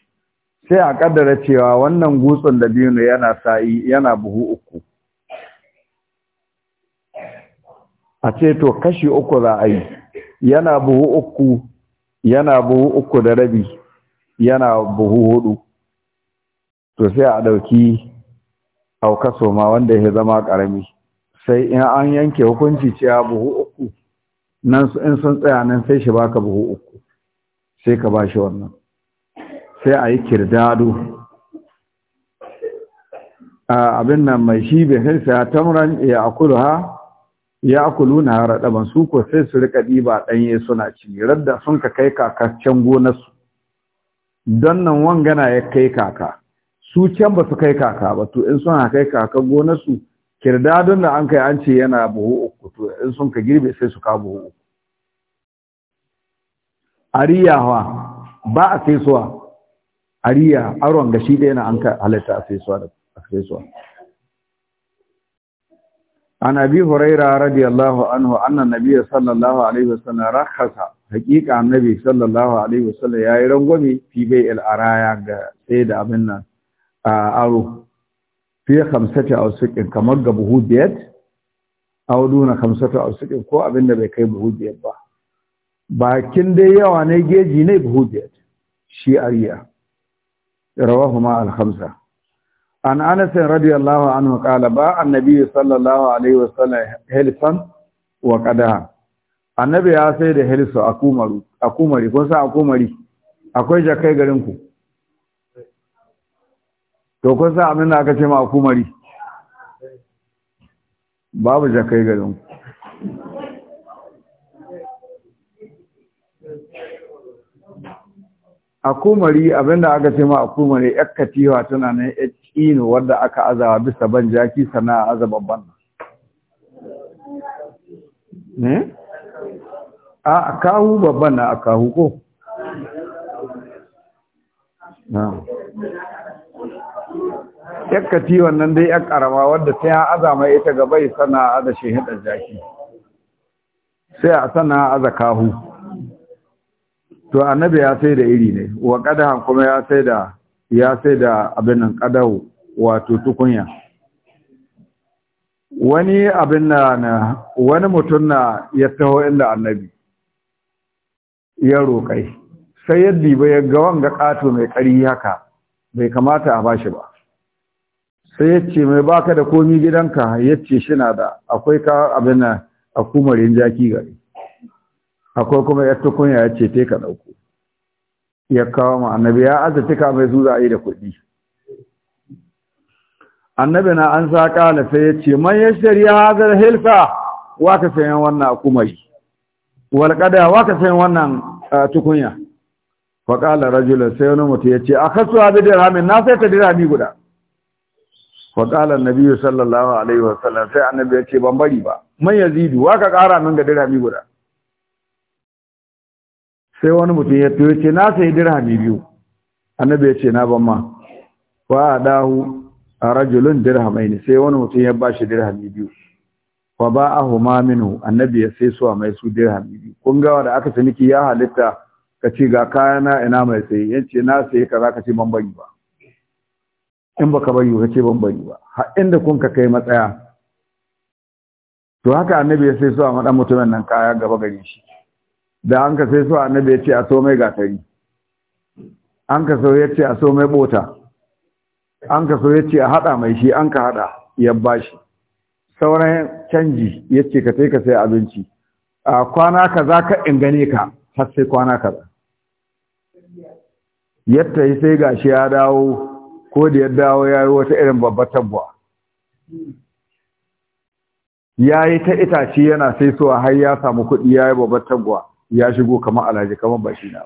sai a kaddara cewa wannan gutsun da biyu yana sa'i yana buhu uku a ce to kashi uku za a yi yana buhu uku yana buhu uku da rabi yana buhu hudu to sai a ɗauki aukaso ma wanda ya zama karami sai in an yanke hukunci cewa buhu uku nan in sun tsaya nan sai shi baka buhu uku sai ka ba shi wannan sai a yi kirdado abin nan mai shi bai sai sa tamran ya akulu ha ya akulu na ban su ko sai su rika ɗiba ɗanye suna ci radda sun ka kai kaka can gonarsu don nan wangana ya kai kaka su can ba su kai kaka ba to in suna kai kaka gonarsu kirdadun da an kai an ce yana buhu uku to in sun ka girbe sai su ka buhu uku ariyawa ba a kai suwa ariya aron ga shi ɗaya na an halatta a fesuwa an abi huraira radiyallahu anhu annan nabiya sallallahu alaihi wasallam rakhasa hakika annabi sallallahu alaihi wasallam yayi rangwame fi bai'il araya ga sai da abin nan a aro fi khamsati awsiqin kamar ga buhu aw duna khamsati awsiqin ko abin da bai kai buhu ba bakin dai yawa ne geji ne buhu shi ariya rawahuma الخمسة khamsa أنس رضي الله عنه قال ba annabi sallallahu alaihi عليه وسلم wa qadaha annabi ya sai da hilsu akumaru kun san akumari akwai jakai garin ku to kun san Amina aka ce ma babu jakai garin akumari abinda aka ce ma akumari yar tana nan yar wanda wadda aka azawa bisa ban jaki sana aza babban ne hmm? a kahu babban na a kahu ko na yar katiwan nan dai yar karama wadda sai an azama ita gaba sana aza shehidar jaki sai a sana aza kahu to annabi ya sai da iri ne wa kadahan kuma ya sai da ya sai da abin nan wato tukunya wani abin na wani mutum na ya taho inda annabi ya roƙai sai yadda diba ya ga wanga ƙato mai ƙari haka bai kamata a bashi ba sai ya ce mai baka da komi gidanka ya ce shi na da akwai ka abin na kumarin jaki gari akwai kuma ya tukunya ya ce te ka ɗauko ya kawo ma annabi ya azurtuka mai zuza yi da kuɗi annabi na an sa kala sai ya ce man shirya hazar hilfa wa ka sayan wannan akumai walƙada wa ka sayan wannan tukunya fa qala rajulun sai wani mutu ya ce a akasu bi dirhamin na sai ta dirhami guda fa nabi sallallahu alaihi wasallam sai annabi ya ce ban bari ba man zidu wa ka ƙara min ga dirhami guda sai wani mutum ya fiye ce na sai dirhami biyu annabi ya ce na ban ma wa a rajulun ne. sai wani mutum ya ba shi dirhami biyu wa a ma minhu annabi ya sai su mai su dirhami biyu kun gawa da aka niki ya halitta ka ce ga kayana ina mai sai ce na sai kaza ka ce ban bani ba in ba ka bari ka ce ban bari ba har inda kun ka kai matsaya to haka annabi ya sai su a madan mutumin nan kaya gaba gani shi da an ka sai so annabi ya ce a so mai gatari an ka so ya ce a so mai bota an ka so ya ce a haɗa mai shi an ka haɗa ya bashi sauran canji ya ce ka sai ka sai abinci a kwana ka za ka ingane ka har sai kwana za yadda ya sai gashi ya dawo ko da ya dawo ya yi wata irin babbar tabbuwa ya yi ta itace yana sai so har ya samu kuɗi ya yi babbar tabbuwa ya shigo kamar alhaji kamar ba na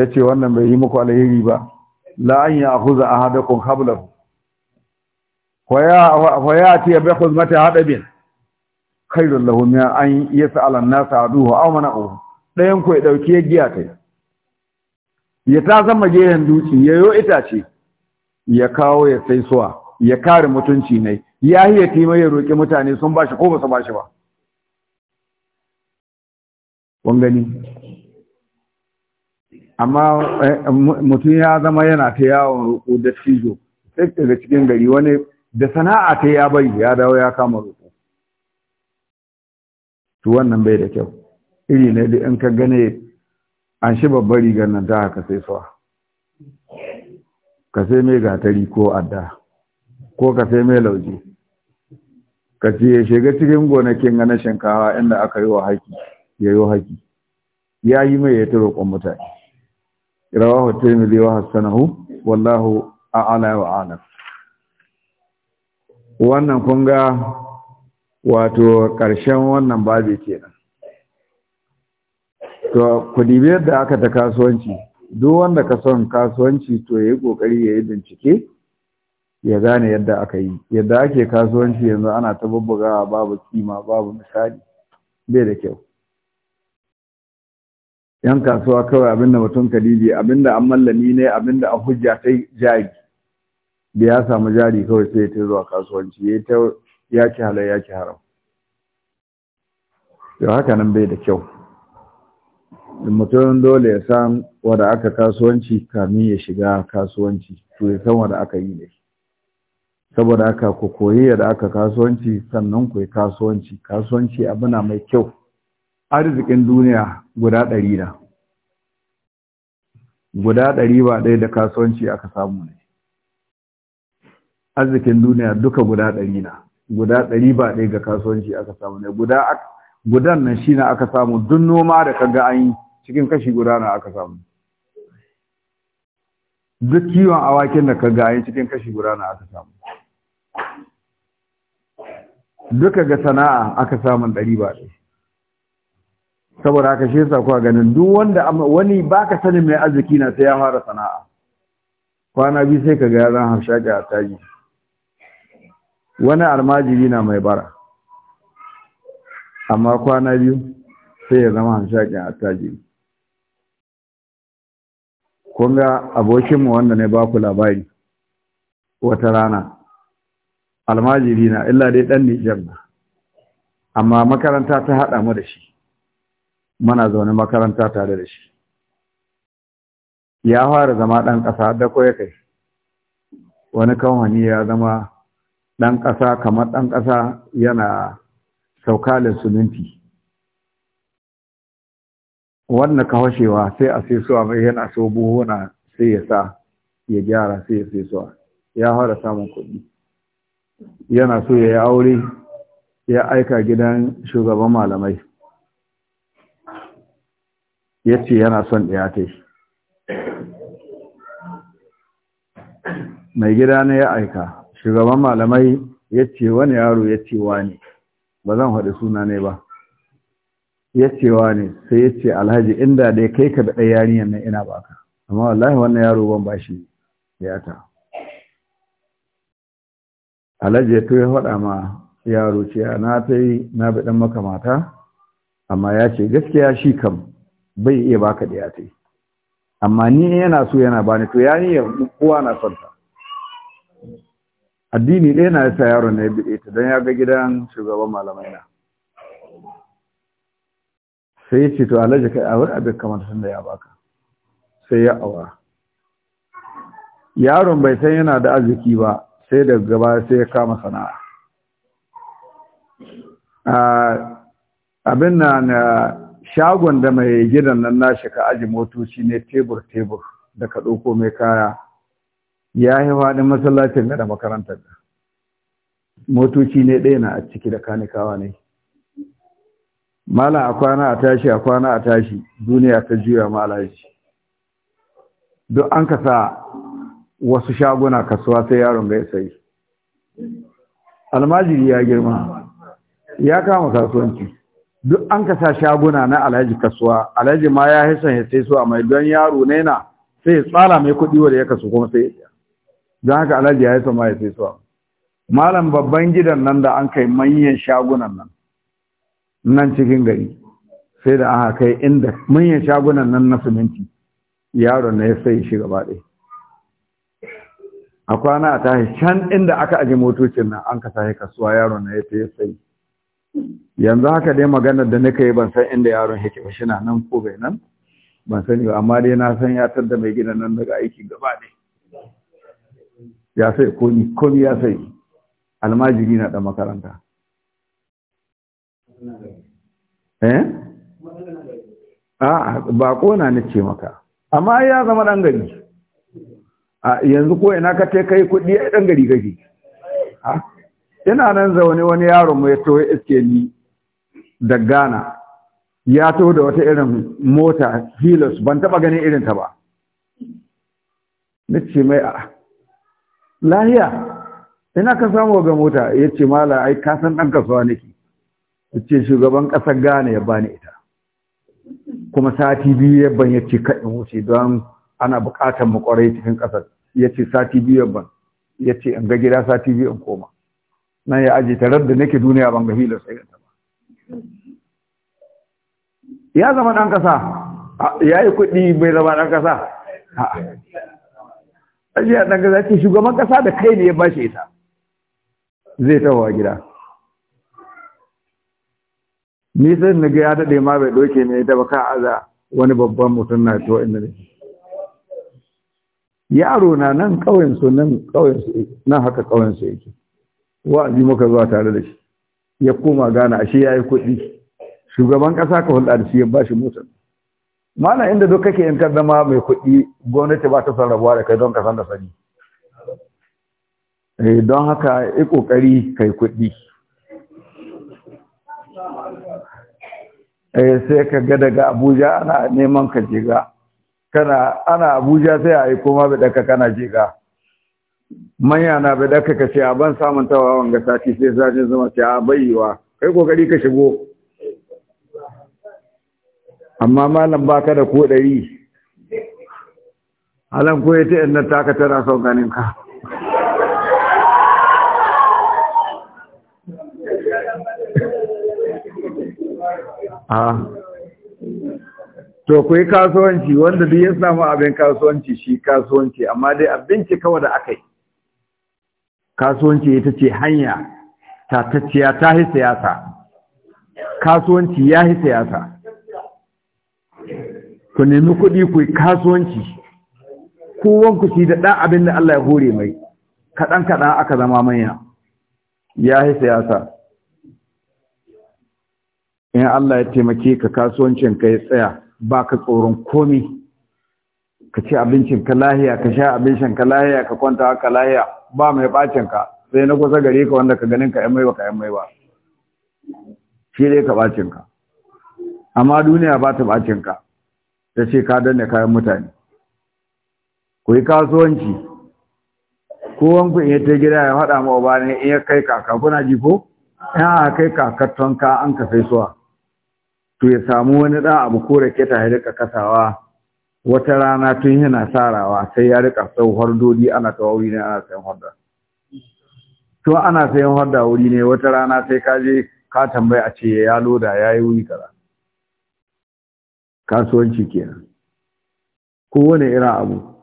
ya ce wannan bai yi muku alheri ba la an ya huza ahadakum hablahu wa ya ti bi khuzmati hadabin khairul lahu min an yas'ala an-nas aduhu aw mana'u dayan ku ya ya giya kai ya ta zama gehen duci yayo itace ya kawo ya sai suwa ya kare mutunci ne ya hiya ya roki mutane sun bashi ko ba su bashi ba gani amma eh, mutum ya zama yana ta yawon roƙo da cizo sai daga cikin gari wani da sana'a ta ya bari ya dawo ya kama roƙo to wannan bai da kyau iri ne da in ka gane an shi babbar rigar nan ta haka sai sawa ka sai mai gatari ko adda ko ka sai mai lauje ka ce shiga cikin gonakin ganashin shinkawa inda aka yi wa haƙi ya yi haƙi ya yi mai ya ta roƙon mutane mai zai wa Hassanahu, wallahu a'ala wa a'lam wannan kun wato ƙarshen wannan babi kenan to ku dibi yadda aka ta kasuwanci duk wanda ka son kasuwanci to ya yi ƙoƙari ya yi bincike ya gane yadda aka yi yadda ake kasuwanci yanzu ana ta babbaga babu kima babu misali bai da kyau yan kasuwa kawai abinda mutum kadibi abinda an mallami ne abinda an hujja ta jari da ya samu jari kawai sai ta zuwa kasuwanci ya ta ya ki halar ya ki haram yau haka nan bai da kyau mutum dole ya san wanda aka kasuwanci kamin ya shiga kasuwanci to ya san wanda aka yi ne saboda aka ku koyi yadda aka kasuwanci sannan ku yi kasuwanci kasuwanci abu na mai kyau arzikin duniya guda ɗari na guda ɗari ba ɗaya da kasuwanci aka samu ne arzikin duniya duka guda ɗari na guda ɗari ba ɗaya ga kasuwanci aka samu ne gudan nan shi na aka samu dun noma da kaga an yi cikin kashi guda na aka samu duk kiwon awakin da kaga an yi cikin kashi guda na aka samu duka ga sana'a aka samun ɗari ba ɗaya saboda haka shi yasa kuwa ganin duk wanda wani baka sanin mai arziki na sai ya fara sana'a kwana biyu sai ka ga yaran hamshaki a taji wani almajiri na mai bara amma kwana biyu sai ya zama hamshaki a taji kun ga abokinmu wanda ne ba ku labari wata rana almajiri na illa dai dan nijar na amma makaranta ta haɗa mu da shi muna zaune makaranta tare da shi ya fara zama ɗan ƙasa da ya kai wani kawani ya zama ɗan ƙasa kamar ɗan ƙasa yana saukalin suminti wannan kawashewa sai a sesuwa mai yana so buhuna sai ya sa ya gyara sai ya sesuwa ya fara samun kuɗi yana so ya yi aure ya aika gidan shugaban malamai ya ce yana son ɗaya ta yi mai gida na ya aika shugaban malamai ya ce wani yaro ya ce wani ba zan haɗe suna ne ba ya ce wani sai ya ce alhaji inda da ya kai ka da ɗaya yariyar nan ina baka amma wallahi wannan yaro ban ba shi ya ta alhaji ya tuya faɗa ma yaro ce na ta yi na bi ɗan mata, amma ya ce gaskiya shi kam bai iya baka da ta yi. amma ni yana so yana bani to ya ni kowa na son ta addini ɗaya na yasa yaron na ya biɗe ta don ya ga gidan shugaban malamai na sai ya ce to alhaji kai awar abin kamar sun da ya baka sai ya aura yaron bai san yana da arziki ba sai da gaba sai ya kama sana'a ah, abin na ah, shagon da mai gidan nan nashi ka aji motoci ne tebur tebur da ka ɗauko mai kaya ya yi faɗin masallacin da makarantar da motoci ne ɗaya na a ciki da kanikawa ne malam a kwana a tashi a kwana a tashi duniya ta juya malaji duk an ka sa wasu shaguna kasuwa sai yaron bai sai almajiri ya girma ya kama kasuwanci duk an ka sa shaguna na alhaji kasuwa alhaji ma ya hisan ya sai su a mai don yaro ne na sai ya tsara mai kuɗi wanda ya kasu kuma sai ya don haka alhaji ya hisan ma ya sai su a malam babban gidan nan da an kai manyan shagunan nan nan cikin gari sai da aka kai inda manyan shagunan nan na siminti yaron na ya sai shi shiga ɗaya a kwana a tashi can inda aka aje motocin nan an ka tashi kasuwa yaron na ya sai yanzu haka dai maganar da nika yi ban san inda yaron yake ba shina nan ko bai nan ban sani ba amma dai na san ya tadda mai gidan nan daga aiki gaba ne ya sai komi komi ya sai almajiri na da makaranta eh a ba kona na ce maka amma ya zama dan gari a yanzu ko ina ka kai kuɗi ɗan gari gari ha ina nan zaune wani yaro mai toye iske ni da Ghana ya to da wata irin mota Hilux ban taba ganin irin ta ba nace mai a ah, lahiya ina ka samu ga mota yace mala ai ka san dan kasuwa nake yace shugaban kasar Ghana ya bani ita kuma sati biyu yabban yace ka in wuce don ana bukatar mu kwarai cikin kasar yace sati biyu ban yace in ga gida sati biyu in koma nan ya aje tarar da nake duniya ban ga sai sai ta ya zama ɗan ƙasa ya yi kuɗi bai zama ɗan ƙasa ajiya ɗan ƙasa ce shugaban ƙasa da kai ne ya ba shi ita zai a gida ni sai na ga ya daɗe ma bai ɗauke ne ita ba ka aza wani babban mutum na to inda ne yaro na nan ƙauyensu nan ƙauyensu nan haka ƙauyensu yake wa'azi muka zuwa tare da shi ya koma gana ashe ya yi kuɗi shugaban ƙasa ka hulɗa da shi ya ba shi motar mana inda duk kake in kan zama mai kuɗi gwamnati ba ta san rabuwa da kai don ka san da sani eh don haka yi ƙoƙari kai kuɗi eh sai ka ga daga abuja ana neman ka jiga kana ana abuja sai a yi koma bi ɗaka kana jiga manya na bai daka ka ce a ban samun tawawan ga sati sai sashen zama ce a bayyawa kai kokari ka shigo amma malam baka da ko ɗari halan ko ya ce na taka tana son ganin ka a ah. to ku kasuwanci wanda duk ya samu abin kasuwanci shi kasuwanci amma dai abinci kawai da aka yi kasuwanci ita ce hanya tatacciya ta yi siyasa kasuwanci ya yi siyasa ku nemi kuɗi ku yi kasuwanci kowanku shi da ɗan abin da Allah ya hore mai kaɗan-kaɗan aka zama manya ya yi siyasa in Allah ya taimake ka kasuwancin ka ya tsaya ba ka tsoron komai. ka ci abincin ka lahiya ka sha abincin ka lahiya ka kwanta haka lahiya ba mai bacin ka sai na kusa gare ka wanda ka ganin ka yan mai ba ka yan mai ba shi dai ka bacin ka amma duniya ba ta bacin ka ta ce ka danne kayan mutane ku yi kasuwanci kowanku in ya ta gida ya faɗa ma ba ne in eh, ya kai kaka kuna ji ko a kai tonka an ka suwa to ya samu wani ɗan abu ko rake ta ya rika kasawa wata rana tun yana sarawa sai ya rika tsohuwar dodi ana wuri ne ana sayan horda to ana sayan horda wuri ne wata rana sai ka je ka tambaye a ce ya loda ya yi wuri kaza kasuwanci kenan wani irin abu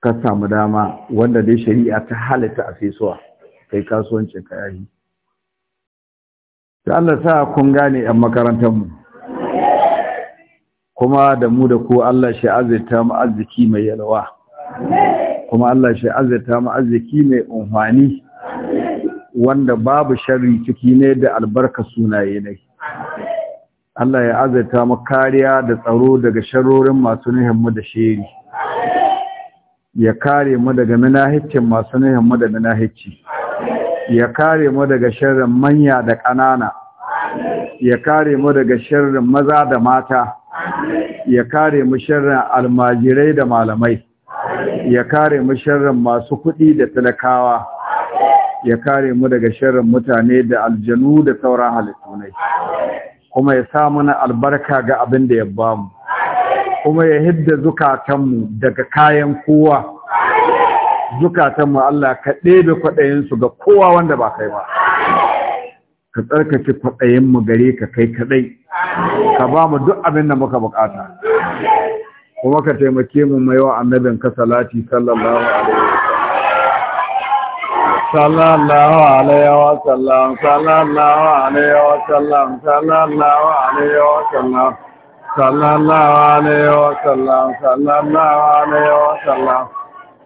ka samu dama wanda dai shari'a ta halitta a fesuwa kai kasuwancin ka yi. Allah sa kun gane 'yan makarantar mu kuma da mu da ku Allah shi azirta mu arziki mai yalwa kuma Allah shi azirta mu arziki mai umfani wanda babu sharri ciki ne da albarka sunaye ne Allah ya azirta mu kariya da tsaro daga sharorin masu mu da sheri ya kare mu daga minahicin masu mu da minahici ya kare mu daga sharrin manya da ƙanana ya kare mu daga sharrin maza da mata ya kare mu sharrin almajirai da malamai ya kare mu sharrin masu kuɗi da talakawa ya kare mu daga sharrin mutane da aljanu da sauran halittunai kuma ya sa mana albarka ga abin da ya mu kuma ya hidda zukatanmu daga kayan kowa zukatanmu Allah ka ɗebe kwaɗayinsu ga kowa wanda ba kai ba ka tsarkake kwaɗayen mu gare ka kai kaɗai ka ba mu duk abin da muka bukata kuma ka taimake mu mai wa annabin ka salati sallallahu alaihi sallallahu alaihi wa sallam sallallahu alaihi wa sallam sallallahu alaihi wa sallam sallallahu alaihi wa sallam sallallahu alaihi wa sallam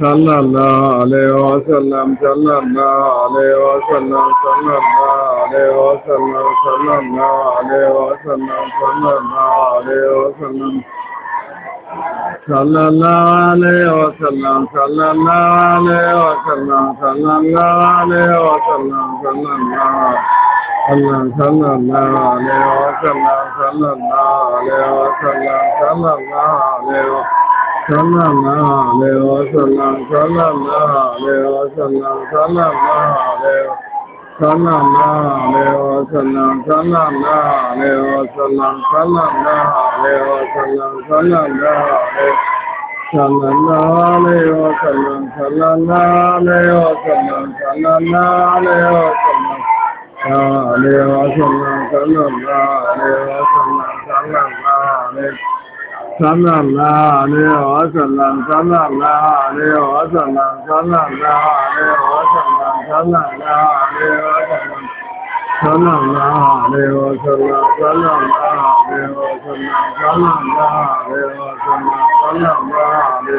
صلى الله عليه وسلم صلى الله عليه وسلم صلى الله عليه وسلم صلى الله عليه وسلم صلى الله عليه وسلم صلى الله عليه وسلم صلى الله عليه وسلم صلى الله عليه وسلم صلى الله صلى الله عليه وسلم صلى الله عليه وسلم صلى الله عليه وسلم ဆလလာလေဝဆလံဆလလာလေဝဆလံဆလလာလေဝဆလလာလေဝဆလံဆလလာလေဝဆလံဆလလာလေဝဆလံဆလလာလေဆလလာလေဝဆလံဆလလာလေဝဆလံဆလလာလေဝဆလံသာလေဝဆလံဆလလာလေဝဆလံဆလလာလေသမ္မာလာနေဝါသလံသမ္မာလာနေဝါသလံသမ္မာလာနေဝါသလံသမ္မာလာနေဝါသလံသမ္မာလာနေဝါသလံသမ္မာလာနေဝါသလံသမ္မာလာနေဝါသလံသမ္မာလာနေ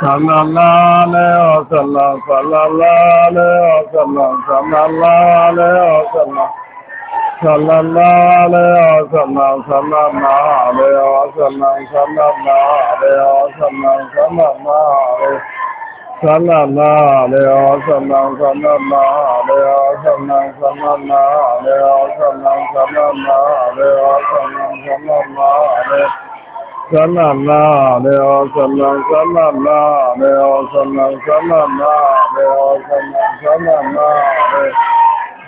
သမ္မာလာနေဝါသလံသမ္မာလာနေဝါသလံသမ္မာလာနေဝါသလံသလလာလေယောသမံသမမာလေယောသမံသမမာလေယောသမံသမမာလေသလလာလေယောသမံသမမာလေယောသမံသမမာလေယောသမံသမမာလေယောသမံသမမာလေသမမာလေယောသမံသမမာလေယောသမံသမမာလေယောသမံသမမာလေ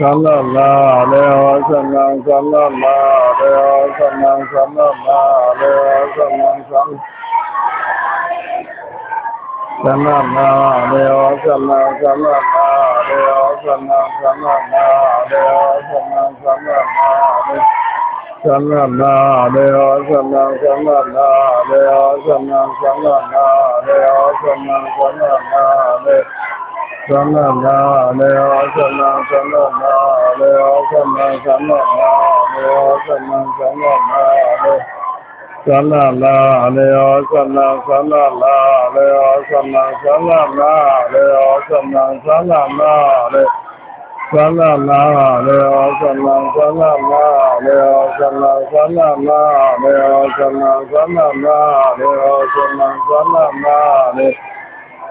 သမ္မာလာလေဟောသမ္မာသမ္မာလာလေဟောသမ္မာသမ္မာလာလေဟောသမ္မာသမ္မာသမ္မာနာမေယောသမ္မာသမ္မာနာမေယောသမ္မာသမ္မာနာမေယောသမ္မာသမ္မာနာမေသမ္မာနာမေယောသမ္မာသမ္မာနာမေယောသမ္မာသမ္မာနာမေယောသမ္မာသမ္မာနာမေသမ္မာနာမေယသမ္မာသမ္မာနာမေယသမ္မာသမ္မာနာမေယသမ္မာသမ္မာနာမေသမ္မာနာမေယသမ္မာသမ္မာနာမေယသမ္မာသမ္မာနာမေယသမ္မာသမ္မာနာမေသမ္မာနာမေယသမ္မာသမ္မာနာမေယသမ္မာသမ္မာနာမေယသမ္မာသမ္မာနာမေယသမ္မာသမ္မာနာမေ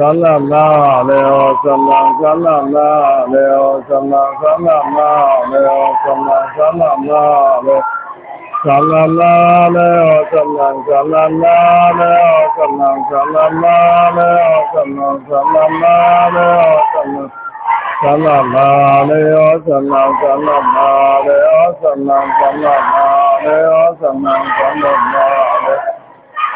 ဆလလာလေဩဆလံဆလလာလေဩဆလံဆလလာလေဩဆလံဆလလာလေဆလလာလေဩဆလံဆလလာလေဩဆလံဆလလာလေဩဆလံဆလလာလေဩဆလံဆလလာလေဩဆလံဆလလာလေဩဆလံဆလလာလေဩဆလံဆလလာ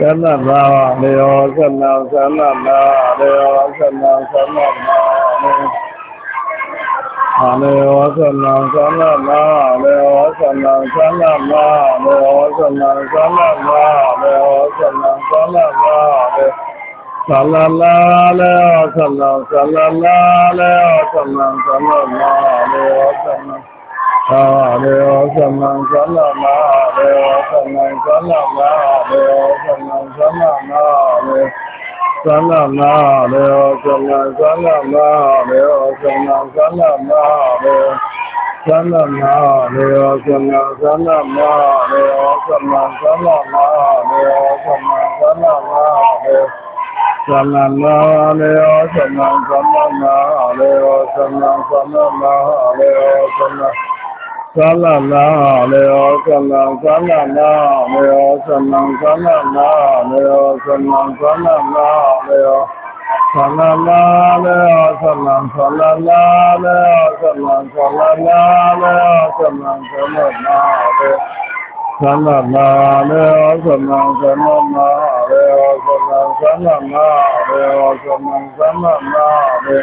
သမ္မာဘာဝလေယောသမ္မာသမ္မာဘာဝလေယောသမ္မာသမ္မာဘာဝလေယောဟာလေယောသမ္မာသမ္မာဘာဝလေယောသမ္မာသမ္မာဘာဝလေယောသမ္မာသမ္မာဘာဝလေယောသမ္မာသမ္မာဘာဝလေသလလာလေယောသမ္မာသမ္မာဘာဝလေယောသမ္မာသမ္မာဘာဝလေယောသမ္မာ na Sallallahu alaihi wa sallam. သမ္မာနာမေယောသမ္မာသမ္မာနာမေယောသမ္မာသမ္မာနာမေယောသမ္မာသမ္မာနာမေယောသမ္မာနာမေယောသမ္မာသမ္မာနာမေယောသမ္မာသမ္မာနာမေယောသမ္မာသမ္မာနာမေယောသမ္မာနာမေယောသမ္မာသမ္မာနာမေယောသမ္မာသမ္မာနာမေယောသမ္မာသမ္မာနာမေယော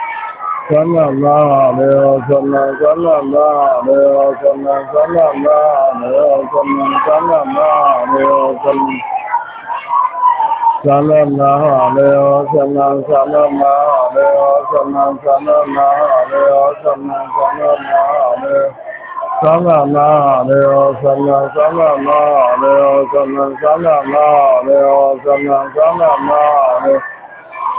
သမ္မာမာမေယောသမ္မာသမ္မာမာမေယောသမ္မာသမ္မာမာမေယောသမ္မာသမ္မာမာမေယောသမ္မာသမ္မာမာမေယောသမ္မာသမ္မာမာမေယောသမ္မာသမ္မာမာမေယောသမ္မာသမ္မာမာမေယောသမ္မာမာမေယောသမ္မာသမ္မာမာမေယောသမ္မာသမ္မာမာမေယောသမ္မာသမ္မာမာမေယော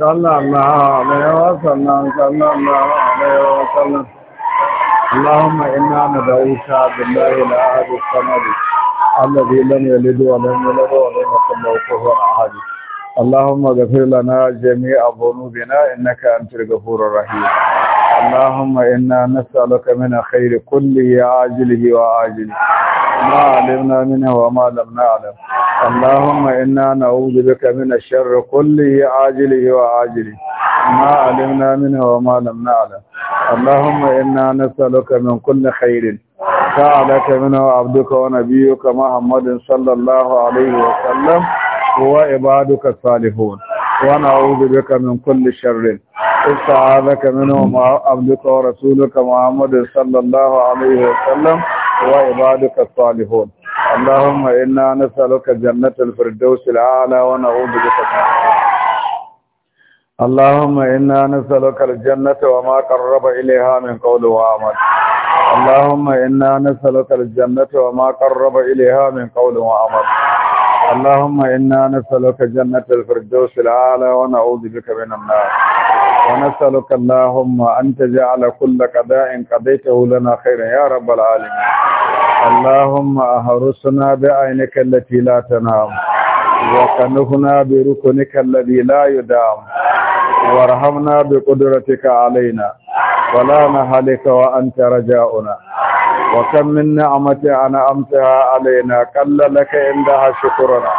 သမ္မာမာမေဝသနံသမ္မာမာမေဝသနံ اللهم إنا ندعوك بالله الأحد الصمد الذي لم يلد ولم يولد ولم يكن له كفوا أحد اللهم اغفر لنا جميع ذنوبنا إنك أنت الغفور الرحيم اللهم إنا نسألك من خير كله عاجله وآجله ما علمنا منه وما لم نعلم اللهم إنا نعوذ بك من الشر كله عاجله وعاجله ما علمنا منه وما لم نعلم اللهم إنا نسألك من كل خير فعلك منه عبدك ونبيك محمد صلى الله عليه وسلم عبادك الصالحون ونعوذ بك من كل شر استعاذك منه عبدك ورسولك محمد صلى الله عليه وسلم وعبادك الصالحون اللهم إنا نسألك جنة الفردوس الأعلى ونعوذ بك من اللهم إنا نسألك الجنة وما قرب إليها من قول وعمل اللهم إنا نسألك الجنة وما قرب إليها من قول وعمل اللهم إنا نسألك جنة الفردوس الأعلى ونعوذ بك من النار ونسألك اللهم أن تجعل كل قضاء قضيته لنا خيرا يا رب العالمين اللهم أهرسنا بعينك التي لا تنام وكنفنا بركنك الذي لا يدام وارحمنا بقدرتك علينا ولا نهلك وأنت رجاؤنا وكم من نعمة أنعمتها علينا قل لك عندها شكرنا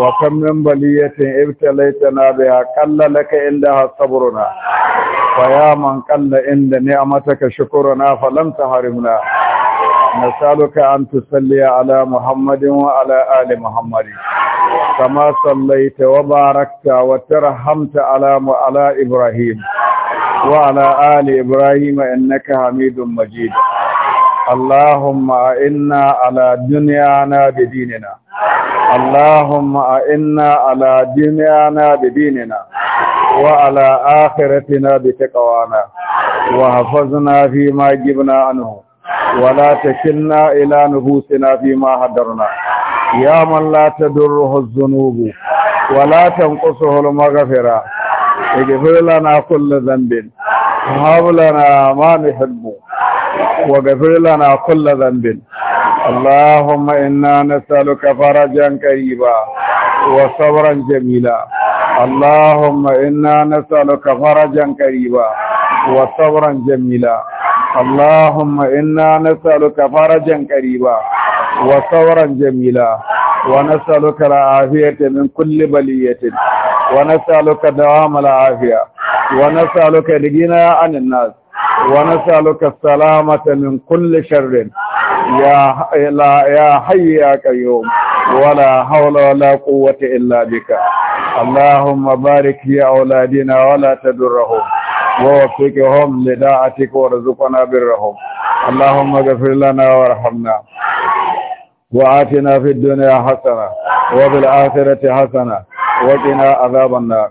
وكم من بلية ابتليتنا بها قل لك عندها صبرنا فيا من قل عند نعمتك شكرنا فلم تحرمنا نسألك أن تصلي على محمد وعلى آل محمد كما صليت وباركت وترحمت على على إبراهيم وعلى آل إبراهيم إنك حميد مجيد اللهم إنا على دنيانا بديننا اللهم أئنا على دنيانا بديننا وعلى آخرتنا بتقوانا وحفظنا فيما جبنا عنه ولا تكلنا إلى نفوسنا فيما هدرنا يا من لا تدره الذنوب ولا تنقصه المغفرة اغفر لنا كل ذنب وهب لنا ما نحبه وغفر لنا كل ذنب اللهم إنا نسألك فرجا قريبا وصبرا جميلا اللهم إنا نسألك فرجا قريبا وصبرا جميلا اللهم إنا نسألك فرجا قريبا وصبرا جميلا ونسألك العافية من كل بلية ونسألك دوام العافية ونسألك الغنى عن الناس ونسألك السلامة من كل شر يا لا يا حي يا قيوم ولا حول ولا قوة إلا بك اللهم بارك في أولادنا ولا تدرهم ووفقهم لداعتك وارزقنا برهم اللهم اغفر لنا وارحمنا وآتنا في الدنيا حسنة وفي الآخرة حسنة وقنا عذاب النار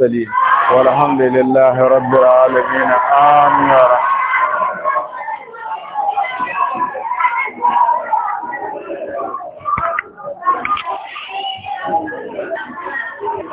المرسلين والحمد لله رب العالمين آمين يا رحمن